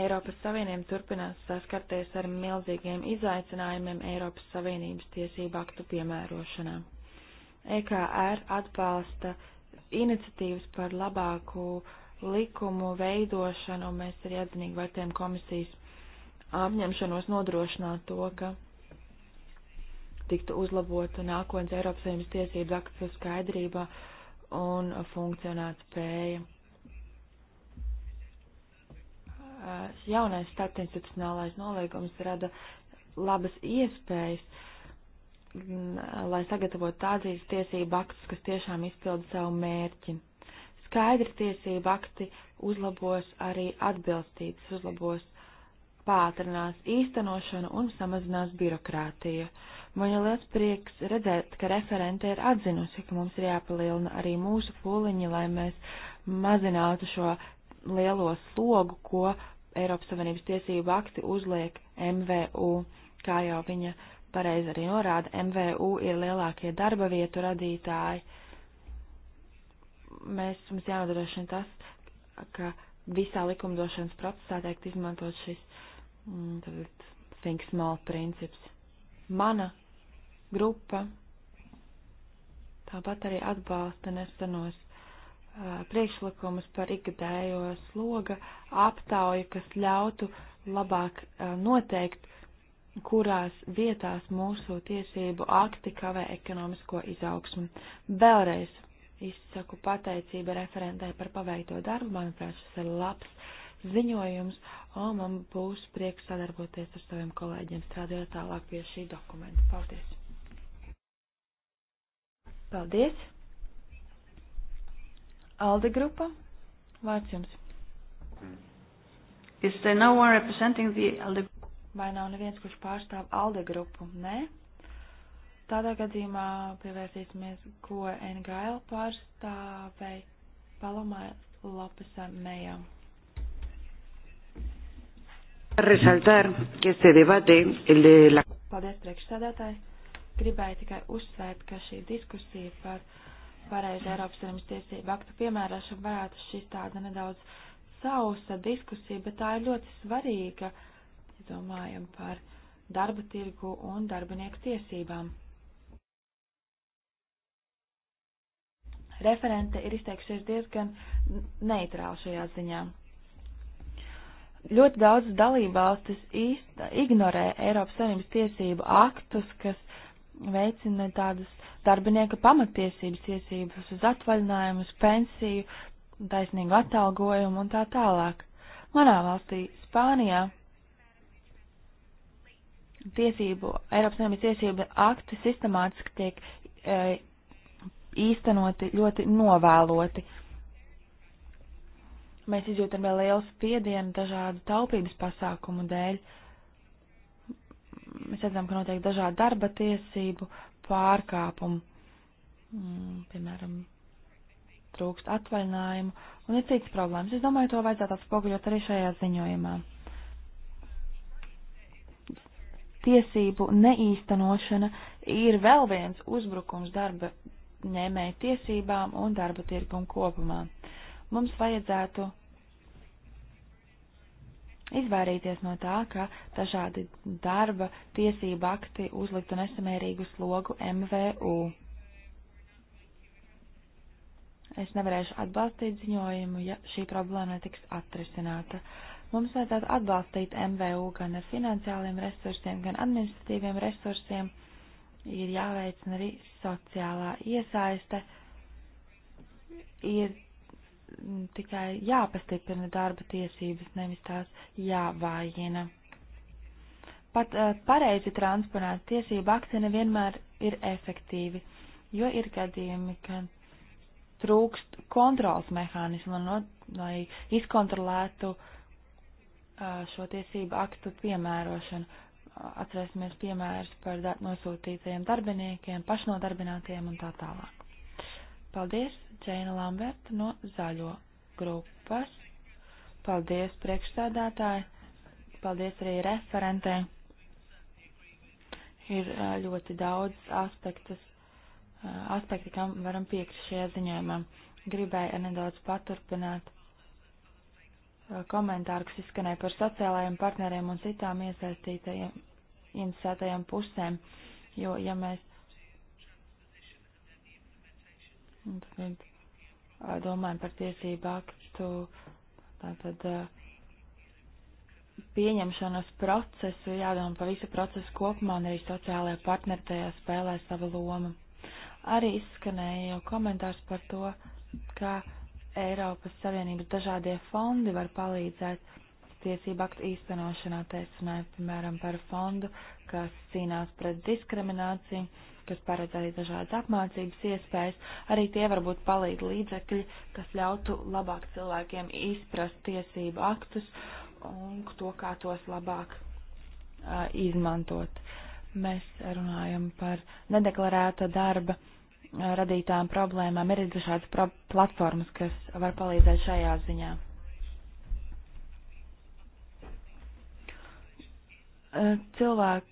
Eiropas Savienība turpinās saskarties ar milzīgiem izaicinājumiem Eiropas Savienības tiesību aktu piemērošanā. EKR atbalsta iniciatīvas par labāku likumu veidošanu, un mēs arī atzinīgi vērtējam komisijas apņemšanos nodrošināt to, ka tiktu uzlabota nākotnes Eiropas Savienības tiesību aktu skaidrība un funkcionēt spēja. Jaunais starpinstitucionālais nolīgums rada labas iespējas Mm, lai sagatavotu tādas tiesību aktus, kas tiešām izpilda savu mērķi. Skaidri tiesību akti uzlabos arī atbilstības, uzlabos pātrinās īstenošanu un samazinās birokrātiju. Man ir liels prieks redzēt, ka referente ir atzinusi, ka mums ir jāpalielina arī mūsu pūliņi, lai mēs mazinātu šo lielo slogu, ko Eiropas Savienības tiesību akti uzliek MVU, kā jau viņa pareizi arī norāda, MVU ir lielākie darba vietu radītāji. Mēs mums jānodrošina tas, ka visā likumdošanas procesā tiek izmantot šis mm, think small princips. Mana grupa tāpat arī atbalsta nesenos uh, priekšlikumus par ikgadējo sloga aptauju, kas ļautu labāk uh, noteikt uh, kurās vietās mūsu tiesību akti kavē ekonomisko izaugsmu. Vēlreiz izsaku pateicību referentai par paveikto darbu, manuprāt, šis ir labs ziņojums, un man būs prieks sadarboties ar saviem kolēģiem, strādājot tālāk pie šī dokumenta. Paldies! Paldies! Alde grupa, vārds jums. Is there no one representing the Alde group? Vai nav neviens, kurš pārstāv ALDE grupu? Nē. Tādā gadījumā pievērsīsimies, ko NGL pārstāvei Palomai Lopesam Mejam. Resaltar, ka este debate, el de la... Paldies, priekšsādātāji. Gribēju tikai uzsvērt, ka šī diskusija par pareizi Eiropas Savienības tiesību aktu piemērošanu varētu šis tāda nedaudz sausa diskusija, bet tā ir ļoti svarīga. Uh, domājam par darba tirgu un darbinieku tiesībām. Referente ir izteikusies diezgan neitrāli šajā ziņā. Ļoti daudz dalībvalstis īsta ignorē Eiropas Savienības tiesību aktus, kas veicina tādas darbinieka pamatiesības, tiesības uz atvaļinājumu, uz pensiju, taisnīgu atalgojumu un tā tālāk. Manā valstī, Spānijā, tiesību, Eiropas Savienības tiesību akti sistemātiski tiek e, īstenoti ļoti novēloti. Mēs izjūtam vēl lielu spiedienu dažādu taupības pasākumu dēļ. Mēs redzam, ka notiek dažādi darba tiesību pārkāpumi, mm, piemēram, trūkst atvaļinājumu un ir cits problēmas. Es domāju, to vajadzētu atspoguļot arī šajā ziņojumā. tiesību neīstenošana ir vēl viens uzbrukums darba ņēmēju tiesībām un darba tirgumu kopumā. Mums vajadzētu izvairīties no tā, ka dažādi darba tiesība akti uzliktu nesamērīgu slogu MVU. Es nevarēšu atbalstīt ziņojumu, ja šī problēma netiks atrisināta. Uh, Mums vajadzētu atbalstīt MVU gan ar finansiāliem resursiem, gan administratīviem resursiem. Ir jāveicina arī sociālā iesaiste. Ir tikai jāpastiprina darba tiesības, nevis tās jāvājina. Pat uh, pareizi transponēt tiesību akti nevienmēr ir efektīvi, jo ir gadījumi, ka trūkst kontrols mehānismu, no, lai izkontrolētu uh, šo tiesību aktu piemērošanu. Atcerēsimies piemērus par nosūtītajiem darbiniekiem, pašnodarbinātiem un tā tālāk. Paldies, Džēna Lamberta no Zaļo grupas. Paldies, priekšstādātāji. Paldies arī referentē. Ir ļoti daudz aspektas, aspekti, kam varam piekrist šajā ziņojumā. Gribēju nedaudz paturpināt komentāru, kas izskanēja par sociālajiem partneriem un citām iesaistītajiem, interesētajiem pusēm, jo, ja mēs tad, domājam par tiesību aktu, tātad pieņemšanas procesu, jādomā par visu procesu kopumā, un arī sociālajie partneri tajā spēlē savu lomu. Arī izskanēja komentārs par to, ka Eiropas Savienības dažādie fondi var palīdzēt tiesību aktu īstenošanā. Te es runāju, piemēram, par fondu, kas cīnās pret diskrimināciju, kas paredz arī dažādas apmācības iespējas. Arī tie varbūt palīdz līdzekļi, kas ļautu labāk cilvēkiem izprast tiesību aktus un to, kā tos labāk uh, izmantot. Mēs runājam par nedeklarēta darba uh, radītām problēmām ir dažādas pro platformas, kas var palīdzēt šajā ziņā. Cilvēk,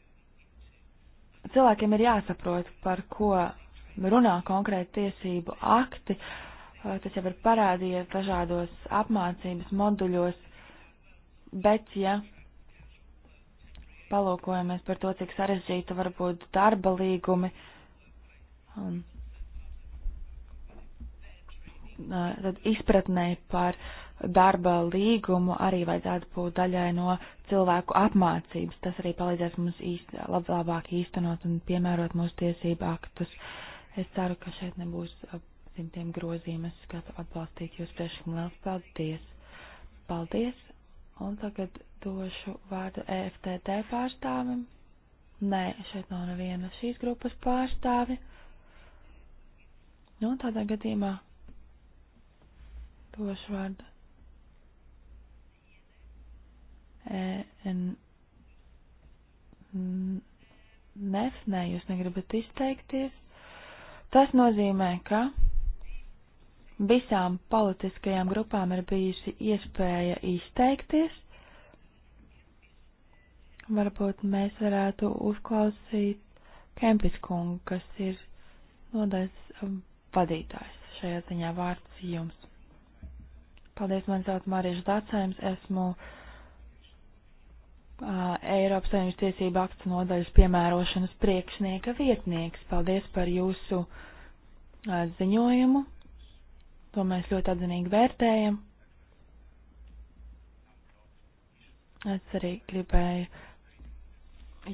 cilvēkiem ir jāsaprot, par ko runā konkrēti tiesību akti. Tas jau ir parādījies dažādos apmācības moduļos, bet, ja palūkojamies par to, cik sarežģīta var būt darba līgumi un Eh, tad izpratnē par darba līgumu arī vajadzētu būt daļai no cilvēku apmācības. Tas arī palīdzēs mums īst, lab, labāk īstenot un piemērot mūsu tiesību aktus. Es ceru, ka šeit nebūs eh, simtiem grozījumu. Es gatavu atbalstīt jūs priekšlikumu. Liels paldies! Paldies! Un tagad došu vārdu EFTT pārstāvim. Nē, šeit nav neviena šīs grupas pārstāvi. Nu, tādā gadījumā došu vārdu e, ENF, nē, jūs negribat izteikties. Tas nozīmē, ka visām politiskajām grupām ir bijusi iespēja izteikties. Varbūt mēs varētu uzklausīt Kempiskungu, kas ir nodaļas vadītājs šajā ziņā vārds jums. Paldies, man sauc Mārieša Dacēms, esmu uh, Eiropas Savienības tiesība akts nodaļas piemērošanas priekšnieka vietnieks. Paldies par jūsu uh, ziņojumu. To mēs ļoti atzinīgi vērtējam. Es arī gribēju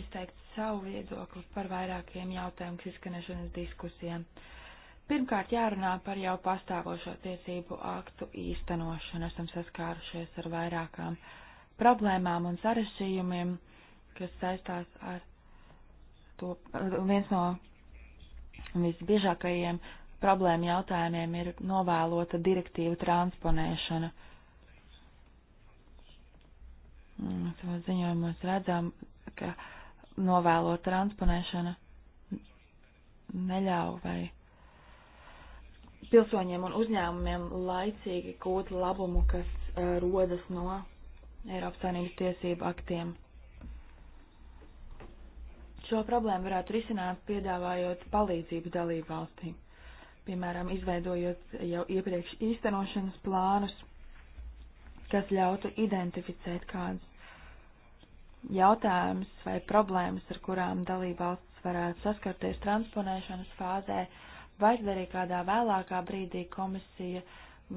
izteikt savu viedokli par vairākiem jautājumu, kas izskanēšanas diskusijām. Uh, Pirmkārt, jārunā par jau pastāvošo tiesību aktu īstenošanu. Esam saskārušies ar vairākām problēmām un sarešījumiem, kas saistās ar to. Viens no visbiežākajiem problēma jautājumiem ir novēlota direktīva transponēšana. Mm, Savos ziņojumos redzam, ka novēlota transponēšana neļauj vai pilsoņiem un uzņēmumiem laicīgi gūt labumu, kas uh, rodas no Eiropas Savienības tiesību aktiem. Šo problēmu varētu risināt piedāvājot palīdzību dalību valstīm, piemēram, izveidojot jau iepriekš īstenošanas plānus, kas ļautu identificēt kādus jautājumus vai problēmas, ar kurām dalību valsts varētu saskarties transponēšanas fāzē, uh, Varbūt arī kādā vēlākā brīdī komisija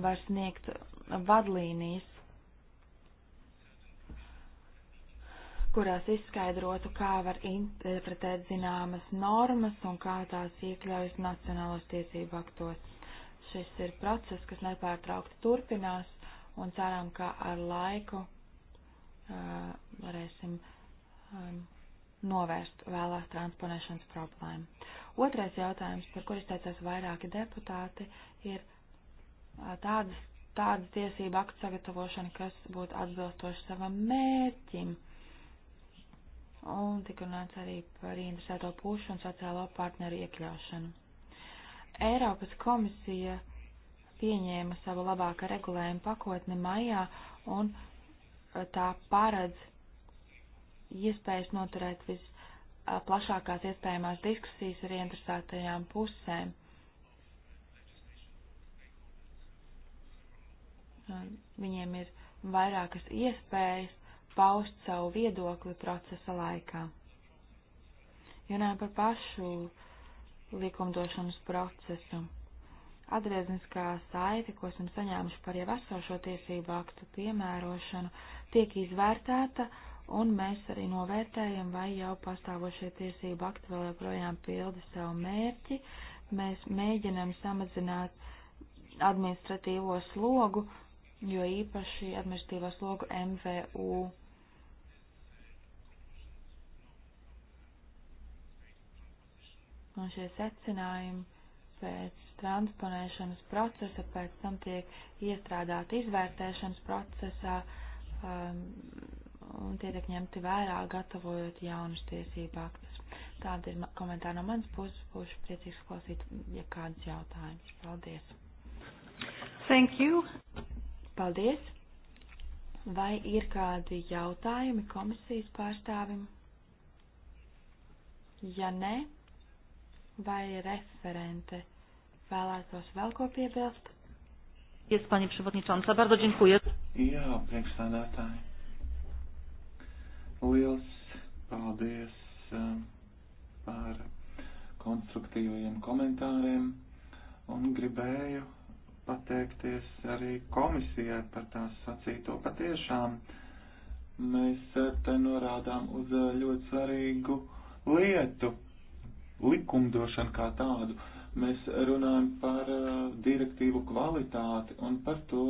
var sniegt vadlīnijas, kurās izskaidrotu, kā var interpretēt zināmas normas un kā tās iekļaujas nacionālos tiesību aktos. Šis ir process, kas nepārtraukti turpinās un ceram, ka ar laiku uh, varēsim um, novērst vēlās transponēšanas problēmu. Otrais jautājums, par kur izteicās vairāki deputāti, ir tādas, tādas tiesība aktu sagatavošana, kas būtu atbilstoši savam mērķim. Un tik runāts arī par interesēto pušu un sociālo partneru iekļaušanu. Eiropas komisija pieņēma savu labāka regulējuma pakotni maijā un tā paredz iespējas noturēt vis plašākās iespējamās diskusijas ar interesētajām pusēm. Viņiem ir vairākas iespējas paust savu viedokli procesa laikā. Runājot par pašu likumdošanas procesu. Atgriezniskā saite, ko esam saņēmuši par jau esošo tiesību aktu piemērošanu, tiek izvērtēta uh, un mēs arī novērtējam, vai jau pastāvošie tiesību akti vēl joprojām pilda savu mērķi. Mēs mēģinam samazināt administratīvo slogu, jo īpaši administratīvo slogu MVU. Un šie secinājumi pēc transponēšanas procesa pēc tam tiek iestrādāti izvērtēšanas procesā. Um, un tie tiek ņemti vērā, gatavojot jaunus tiesību aktus. Tāda ir komentāra no manas puses. Būšu priecīgs klausīt, ja kādas jautājumas. Paldies! Thank you! Paldies! Vai ir kādi jautājumi komisijas pārstāvim? Ja nē, vai referente vēlētos vēl ko piebilst? Jest Pani Przewodnicząca, bardzo dziękuję. Ja, priekšstādātāji. Liels paldies eh, par konstruktīvajiem komentāriem un gribēju pateikties arī komisijai par tās sacīto patiešām. Mēs eh, te norādām uz eh, ļoti svarīgu lietu, likumdošanu kā tādu. Mēs runājam par direktīvu kvalitāti un par to,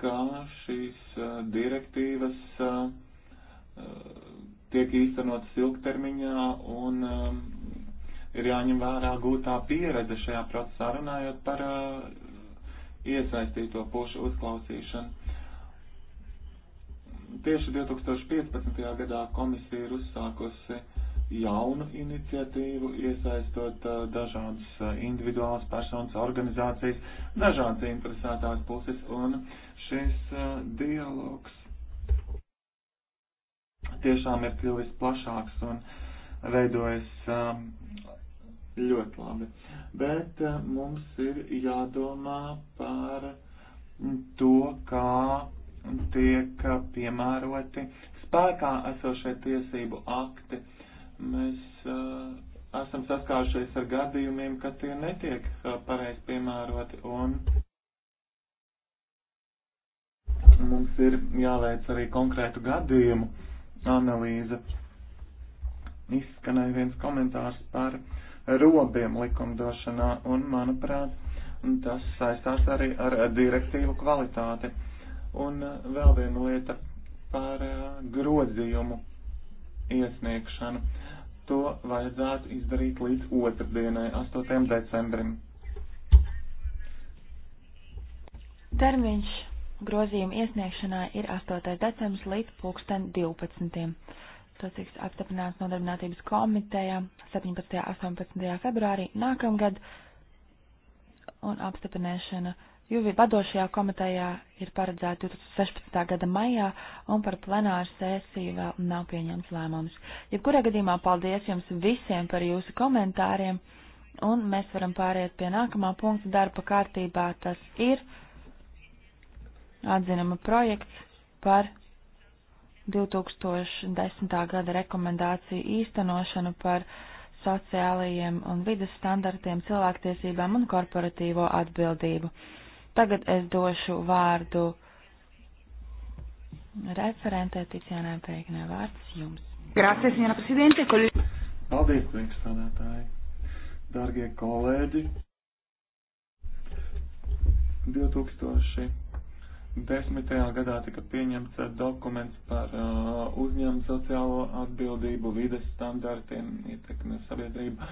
kā šīs direktīvas uh, tiek īstenotas ilgtermiņā un um, ir jāņem vērā gūtā pieredze šajā procesā, runājot par uh, iesaistīto pušu uzklausīšanu. Tieši 2015. gadā komisija ir uzsākusi jaunu iniciatīvu, iesaistot uh, dažādas uh, individuālas personas, organizācijas, dažādas interesētās puses, un šis uh, dialogs tiešām ir kļuvis plašāks un veidojas um, ļoti labi. Bet uh, mums ir jādomā par to, kā tiek piemēroti spēkā esošie tiesību akti. Mēs uh, esam saskārušies ar gadījumiem, ka tie netiek uh, pareizi piemēroti un mums ir jāveic arī konkrētu gadījumu analīze. Izskanēja viens komentārs par robiem likumdošanā, un, manuprāt, tas saistās arī ar direktīvu kvalitāti. Un eh, vēl viena lieta par eh, grozījumu iesniegšanu. To vajadzētu izdarīt līdz otrdienai, 8. decembrim. Termiņš Grozījuma iesniegšanā ir 8. decembris līdz 2012. To tiks apstiprināts nodarbinātības komitejā 17. un 18. februārī nākamgad, un apstiprināšana Juvi vadošajā komitejā ir paredzēta 2016. gada maijā, un par plenāru sēsiju vēl nav pieņemts lēmums. Jebkurā gadījumā paldies jums visiem par jūsu komentāriem, un mēs varam pāriet pie nākamā punkta darba kārtībā. Tas ir atzinuma projekts par 2010. gada rekomendāciju īstenošanu par sociālajiem un vidas standartiem, cilvēktiesībām un korporatīvo atbildību. Tagad es došu vārdu referentē Ticijānai Pēknē. Vārds jums. Grācies, Jāna Presidente. Kol... Paldies, priekšstādātāji. Dargie kolēģi. 2000. Desmitajā gadā tika pieņemts dokuments par uh, uzņēmumu sociālo atbildību, vides standartiem, ietekmi uz sabiedrību,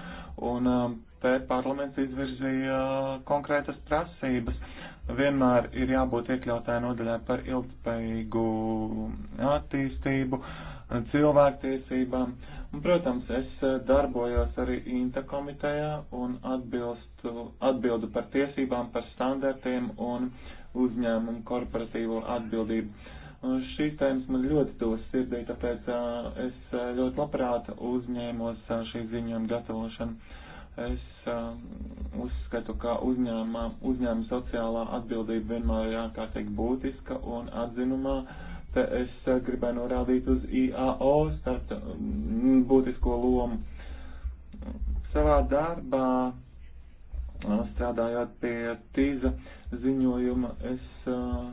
un uh, te parlaments izvirzīja konkrētas prasības. Vienmēr ir jābūt iekļautāja nodaļā par ilgspējīgu attīstību, cilvēktiesībām. Un, protams, es darbojos arī INTA komitejā un atbilstu, atbildu par tiesībām, par standartiem un uh, uzņēmumu korporatīvo atbildību. Un šīs tēmas man ļoti tuvas sirdī, tāpēc uh, es ļoti labprāt uzņēmos uh, šī ziņojuma gatavošanu. Es uh, uzskatu, ka uzņēmuma, uzņēmuma sociālā atbildība vienmēr ir ārkārtīgi būtiska un atzinumā. Te es uh, gribēju norādīt uz IAO starp mm, būtisko lomu. Savā darbā strādājot pie tīza. Uh, ziņojuma es uh,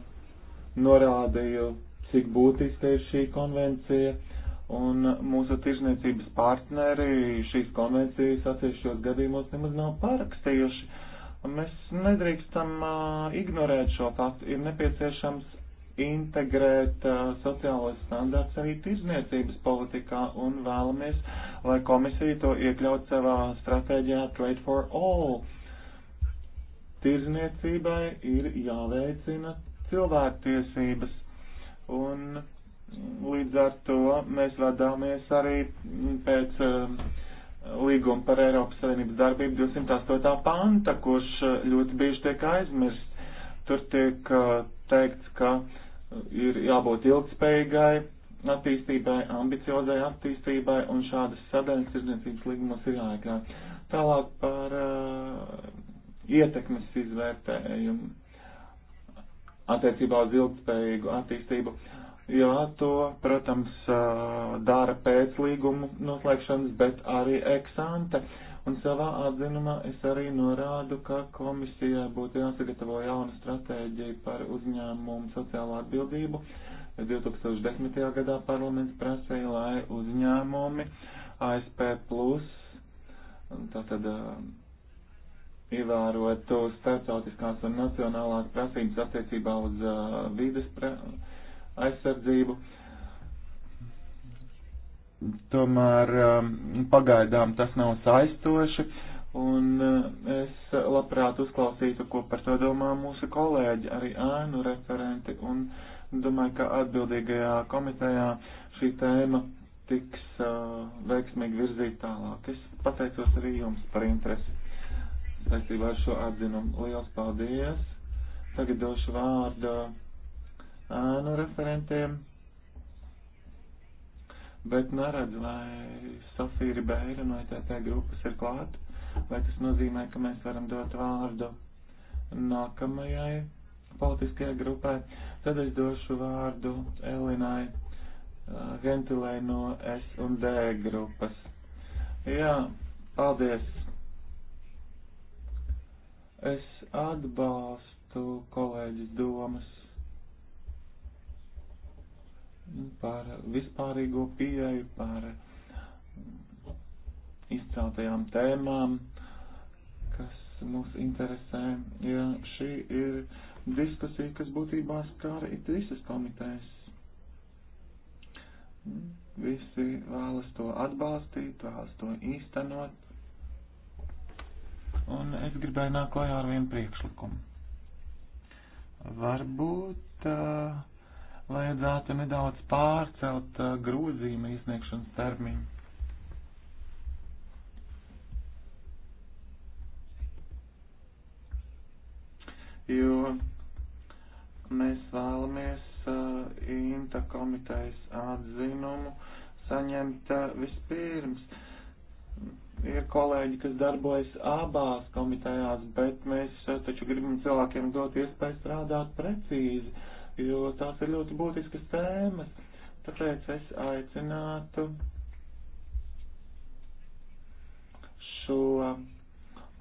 norādīju, cik būtiska ir šī konvencija, un mūsu tirzniecības partneri šīs konvencijas atsevišķos gadījumos nemaz nav parakstījuši. Mēs nedrīkstam uh, ignorēt šo faktu. Ir nepieciešams integrēt uh, sociālos standārts arī tirzniecības politikā un vēlamies, lai komisija to iekļaut savā stratēģijā Trade for All. Uh, tirzniecībai ir jāveicina cilvēktiesības. Un līdz ar to mēs vadāmies arī pēc um, līguma par Eiropas Savienības darbību 208. panta, kurš ļoti bieži tiek aizmirsts. Tur tiek uh, teikts, ka ir jābūt ilgspējīgai attīstībai, ambiciozai attīstībai, un šādas sadaļas tirdzniecības līgumos ir jāiekļauj. Tālāk par uh, ietekmes izvērtējumu attiecībā uz ilgspējīgu attīstību. Jā, to, protams, dara pēc līgumu noslēgšanas, bet arī eksante. Un savā atzinumā es arī norādu, ka komisijai būtu jāsagatavo jauna stratēģija par uzņēmumu sociālo atbildību. 2010. gadā parlaments prasīja, lai uzņēmumi ASP plus, tātad ievērotu starptautiskās un nacionālās prasības attiecībā uz uh, vides aizsardzību. Tomēr um, pagaidām tas nav saistoši, un uh, es labprāt uzklausītu, ko par to domā mūsu kolēģi, arī ēnu referenti, un domāju, ka atbildīgajā komitejā šī tēma tiks uh, veiksmīgi virzīt tālāk. Es pateicos arī jums par interesi saistībā ar šo atzinumu. Liels paldies! Tagad došu vārdu ēnu referentiem, bet neredzu, vai Sofija Ribeira no ETT grupas ir klāt, vai tas nozīmē, ka mēs varam dot vārdu nākamajai politiskajai grupai. Tad es došu vārdu Elinai Gentilē no S un D grupas. Jā, paldies! Es atbalstu kolēģis domas par vispārīgo pieeju, par izceltajām tēmām, kas mūs interesē. Ja šī ir diskusija, kas būtībā skāra it visas komitejas. Visi vēlas to atbalstīt, vēlas to īstenot un es gribēju nākt klajā ar vienu priekšlikumu. Varbūt uh, vajadzētu nedaudz pārcelt uh, grozījuma izniegšanas termiņu. Jo mēs vēlamies uh, INTA komitejas atzinumu saņemt uh, vispirms. Uh, ir kolēģi, kas darbojas abās komitejās, bet mēs eh, taču gribam cilvēkiem dot iespēju strādāt precīzi, jo tās ir ļoti būtiskas tēmas. Tāpēc es aicinātu šo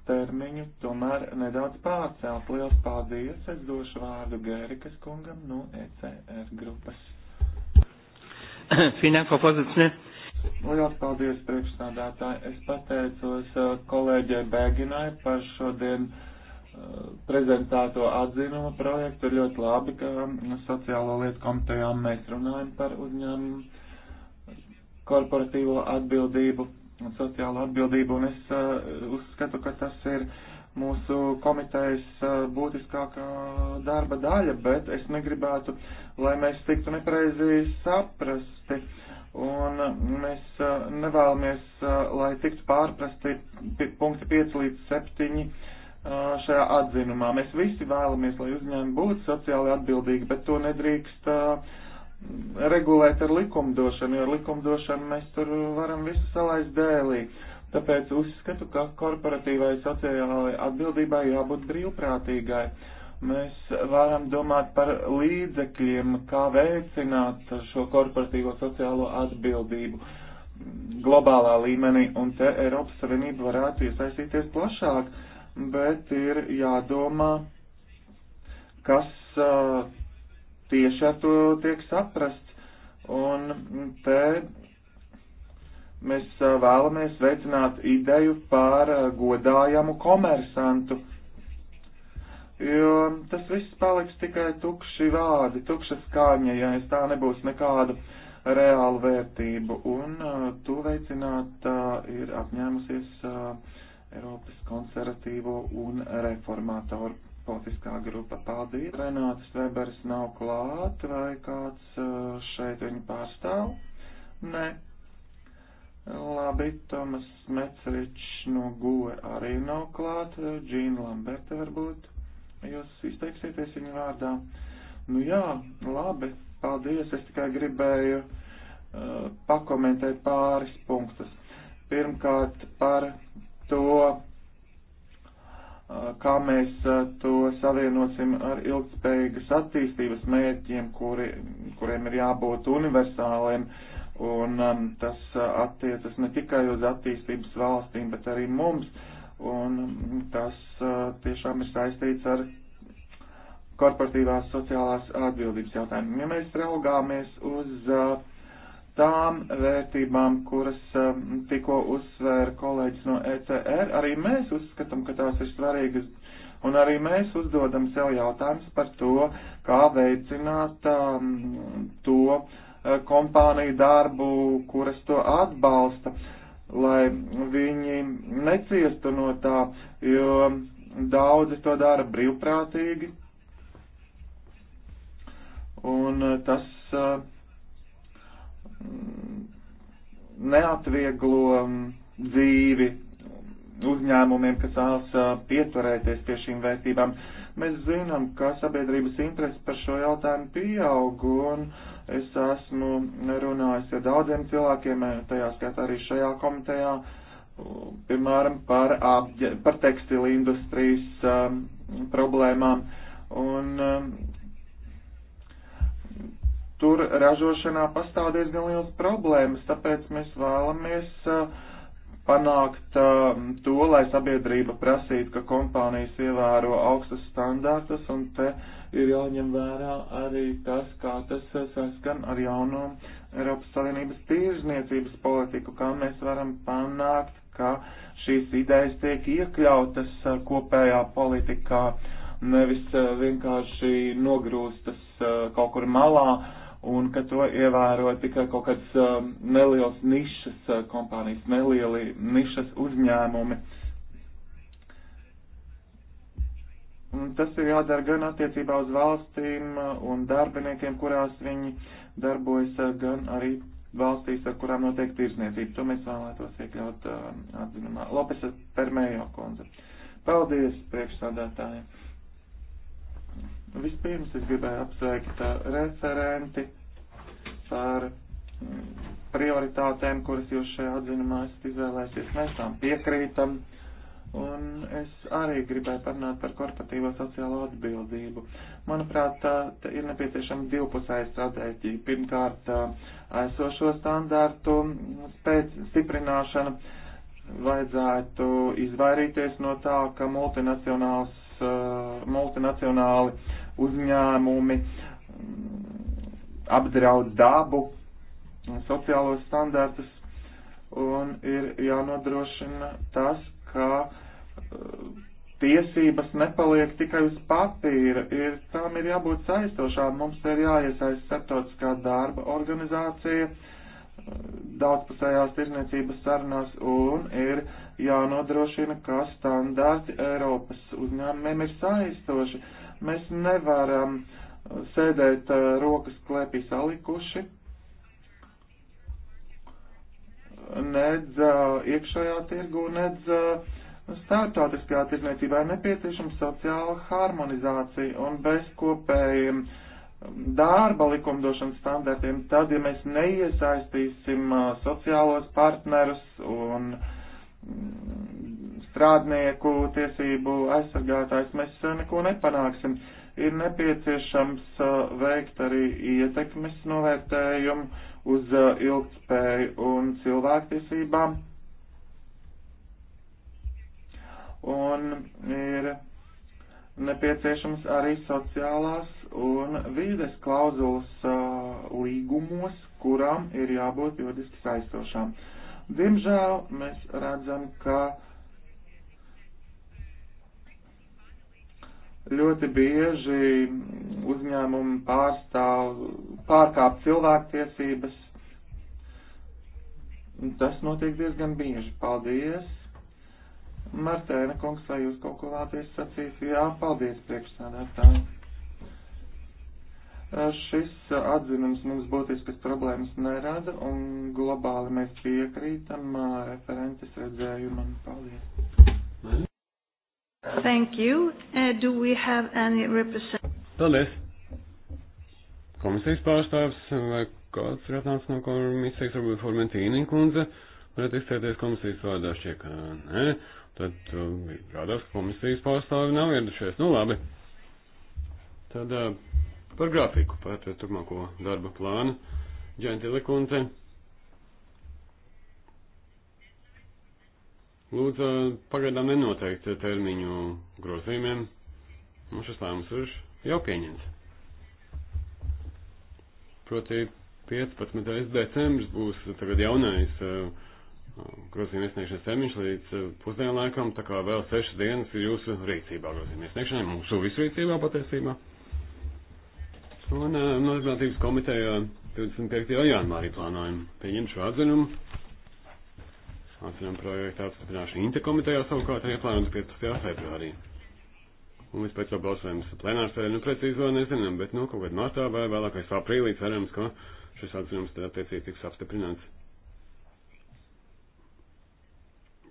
termiņu tomēr nedaudz pārcelt. Liels paldies! Es došu vārdu Gērikas kungam no ECR grupas. Vielen Dank, Frau Vorsitzende. Lielas paldies, priekšstādātāji. Es pateicos uh, kolēģei Bēginai par šodien uh, prezentēto atzinumu projektu. Ir ļoti labi, ka um, sociālo lietu komitejā mēs runājam par uzņēmumu korporatīvo atbildību un sociālo atbildību, un es uh, uzskatu, ka tas ir mūsu komitejas uh, būtiskākā darba daļa, bet es negribētu, lai mēs tiktu nepareizi saprasti. Uh, un uh, mēs uh, nevēlamies, uh, lai tiktu pārprasti punkti 5 līdz 7 šajā atzinumā. Mēs visi vēlamies, lai uzņēmumi būtu sociāli atbildīgi, bet to nedrīkst regulēt ar likumdošanu, jo ar likumdošanu mēs tur varam visu salaist dēlī. Tāpēc uzskatu, ka korporatīvai sociālai atbildībai jābūt brīvprātīgai. Uh, mēs varam domāt par līdzekļiem, kā veicināt šo korporatīvo sociālo atbildību globālā līmenī, un te Eiropas Savienība varētu iesaistīties plašāk, bet ir jādomā, kas uh, tieši ar to tiek saprasts, un te mēs uh, vēlamies veicināt ideju par uh, godājamu komersantu. Uh, jo tas viss paliks tikai tukši vārdi, tukša skaņa, ja es tā nebūs nekādu reālu vērtību. Un uh, to veicināt uh, ir apņēmusies uh, Eiropas konservatīvo un reformātoru politiskā grupa. Paldies! Renāts Weberis nav klāt, vai kāds uh, šeit viņu pārstāv? Nē. Labi, Tomas Meceričs no Gue arī nav klāt, Džīna Lamberta varbūt jūs izteiksieties viņu vārdā. Nu jā, labi, paldies. Es tikai gribēju uh, pakomentēt pāris punktus. Pirmkārt, par to, uh, kā mēs uh, to savienosim ar ilgspējīgas attīstības mērķiem, kuri, kuriem ir jābūt universāliem. Un um, tas uh, attiecas ne tikai uz attīstības valstīm, bet arī mums. Uh, un tas tiešām ir saistīts ar korporatīvās sociālās atbildības jautājumiem. Ja mēs raugāmies uz tām vērtībām, kuras tikko uzsvēra kolēģis no ECR, arī mēs uzskatām, ka tās ir svarīgas, un arī mēs uzdodam sev jautājums par to, kā veicināt to kompāniju darbu, kuras to atbalsta. Uh, lai viņi neciestu no tā, jo daudzi to dara brīvprātīgi. Un eh, tas eh, neatvieglo mm, dzīvi uzņēmumiem, kas vēlas eh, pieturēties pie šīm vērtībām. Uh, Mēs zinām, ka sabiedrības interesi par šo jautājumu pieaug, un es esmu runājis ar daudziem cilvēkiem, tajā skaitā arī šajā komitejā, piemēram, par, apģe, par tekstilu industrijas um, problēmām. Un, um, tur ražošanā pastāv diezgan liels problēmas, tāpēc mēs vēlamies uh, panākt uh, to, lai sabiedrība prasītu, ka kompānijas ievēro augstus standārtus, un te ir jāņem vērā arī tas, kā tas saskan ar jauno Eiropas Savienības tīrzniecības politiku, kā mēs varam panākt, ka šīs idejas tiek iekļautas uh, kopējā politikā, nevis uh, vienkārši nogrūstas uh, kaut kur malā un ka to ievēro tikai kaut kāds um, neliels nišas uh, kompānijas, nelieli nišas uzņēmumi. Un tas ir jādara gan attiecībā uz valstīm uh, un darbiniekiem, kurās viņi darbojas, uh, gan arī valstīs, ar kurām notiek tirzniecība. To mēs vēlētos iekļaut uh, atzinumā. Lopesa Permējo kundze. Paldies priekšsādātājiem! Vispirms es gribēju apsveikt uh, referenti par mm, prioritātēm, kuras jūs šajā atzinumā esat izvēlēsies. Mēs tām piekrītam. Un es arī gribēju parunāt par korporatīvo sociālo atbildību. Manuprāt, uh, tā ir nepieciešama divpusēja stratēģija. Pirmkārt, uh, aizsošo standārtu spēc stiprināšana vajadzētu izvairīties no tā, ka multinacionāls Uh, multinacionāli uzņēmumi apdraud dabu, sociālos standartus, un ir jānodrošina tas, ka uh, tiesības nepaliek tikai uz papīra, ir, tām ir jābūt saistošām, mums ir jāiesaist starptautiskā darba organizācija, uh, daudzpusējās tirzniecības sarunās un ir jānodrošina, ka standarti Eiropas uzņēmumiem ir saistoši. Mēs nevaram sēdēt rokas klēpī salikuši, nedz iekšējā tirgu, nedz starptautiskajā tirdzniecībā ir nepieciešama sociāla harmonizācija un bez kopējiem darba likumdošanas standartiem, tad, ja mēs neiesaistīsim sociālos partnerus un uh, strādnieku tiesību aizsargātājs, mēs eh, neko nepanāksim. Ir nepieciešams eh, veikt arī ietekmes novērtējumu uz eh, ilgspēju un cilvēktiesībām. Un ir nepieciešams arī sociālās un vīdes klauzulas līgumos, kurām ir jābūt juridiski saistošām. Uh, Diemžēl mēs redzam, ka ļoti bieži uzņēmumi pārstāv, pārkāp cilvēktiesības. Tas notiek diezgan bieži. Paldies! Martēna kungs, vai jūs kaut ko vēlaties sacīt? Jā, paldies priekšsādātāji! Šis atzinums mums būtiskas problēmas nerada un globāli mēs piekrītam referentes redzējumam. Paldies! Thank you. Uh, do we have any represent? Paldies. Komisijas pārstāvs vai kāds ir atnācis no komisijas, varbūt Formentīni kundze, varat izteikties komisijas vārdā šķiet, ka nē. Tad uh, rādās, ka komisijas pārstāvi nav ieradušies. Nu labi. Tad uh, Par grafiku, par turpmāko darba plānu. Džentile kundze. Lūdzu, pagaidām nenoteikt termiņu grozījumiem. Mums šis lēmums ir jau pieņemts. Proti 15. decembris būs tagad jaunais uh, grozījuma iesniegšanas termiņš līdz uh, pusdienlaikam, tā kā vēl sešas dienas ir jūsu rīcībā grozījuma iesniegšanai, mūsu visu rīcībā patiesībā. Un uh, Nodarbinātības komiteja 25. janvārī plānojam pieņemt šo atzinumu. Atzinām projektu apstiprināšanu interkomitejā savukārt arī plānojam 15. februārī. Un vispēc jau balsojums plenārsēdē, nu precīzi vēl nezinām, bet nu kaut kad martā vai vēlākais aprīlī cerams, ka šis atzinums tad attiecīgi tiks apstiprināts.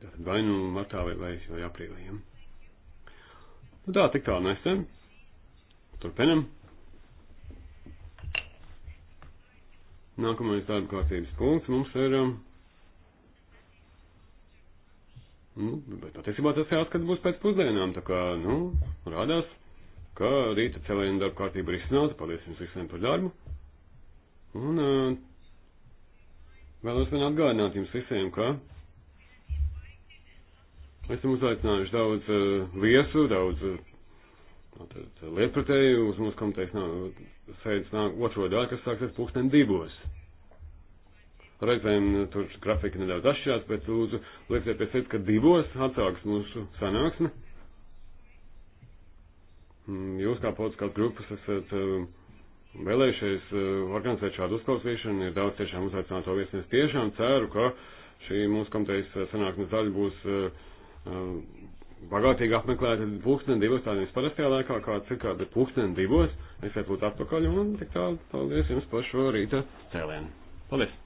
Tātad vai nu martā vai, vai, vai aprīlī. Ja? Nu tā, tik tālu nesen. Turpinam. Nākamais darba kārtības punkts mums ir. Um, nu, bet patiesībā tas jāskat būs pēc pusdienām, tā kā, nu, rādās, ka rīta cēlēna darba kārtība ir izcināta, paldies jums visiem par darbu. Un uh, vēlos vien atgādināt jums visiem, ka esam uzaicinājuši daudz uh, viesu, daudz uh, lietpratēju uz mūsu komitejas sēdes nāk otro daļu, kas sāksies pulksten divos. Reizēm nu, tur grafika nedaudz atšķirās, bet lūdzu lieciet pie sirds, ka divos atsāks mūsu sanāksme. Mm, jūs kā politiskās grupas esat eh, vēlējušies eh, organizēt šādu uzklausīšanu, ir daudz tiešām uzaicināto viesu. Es tiešām ceru, ka šī mūsu komitejas eh, sanāksmes daļa būs bagātīgi apmeklēt, tad pulksteni divos, tā nevis parastajā laikā kāds ir, kā, bet pulksteni divos es varu būt atpakaļ un tik tālu, paldies jums par šo rīta cēlienu. Paldies!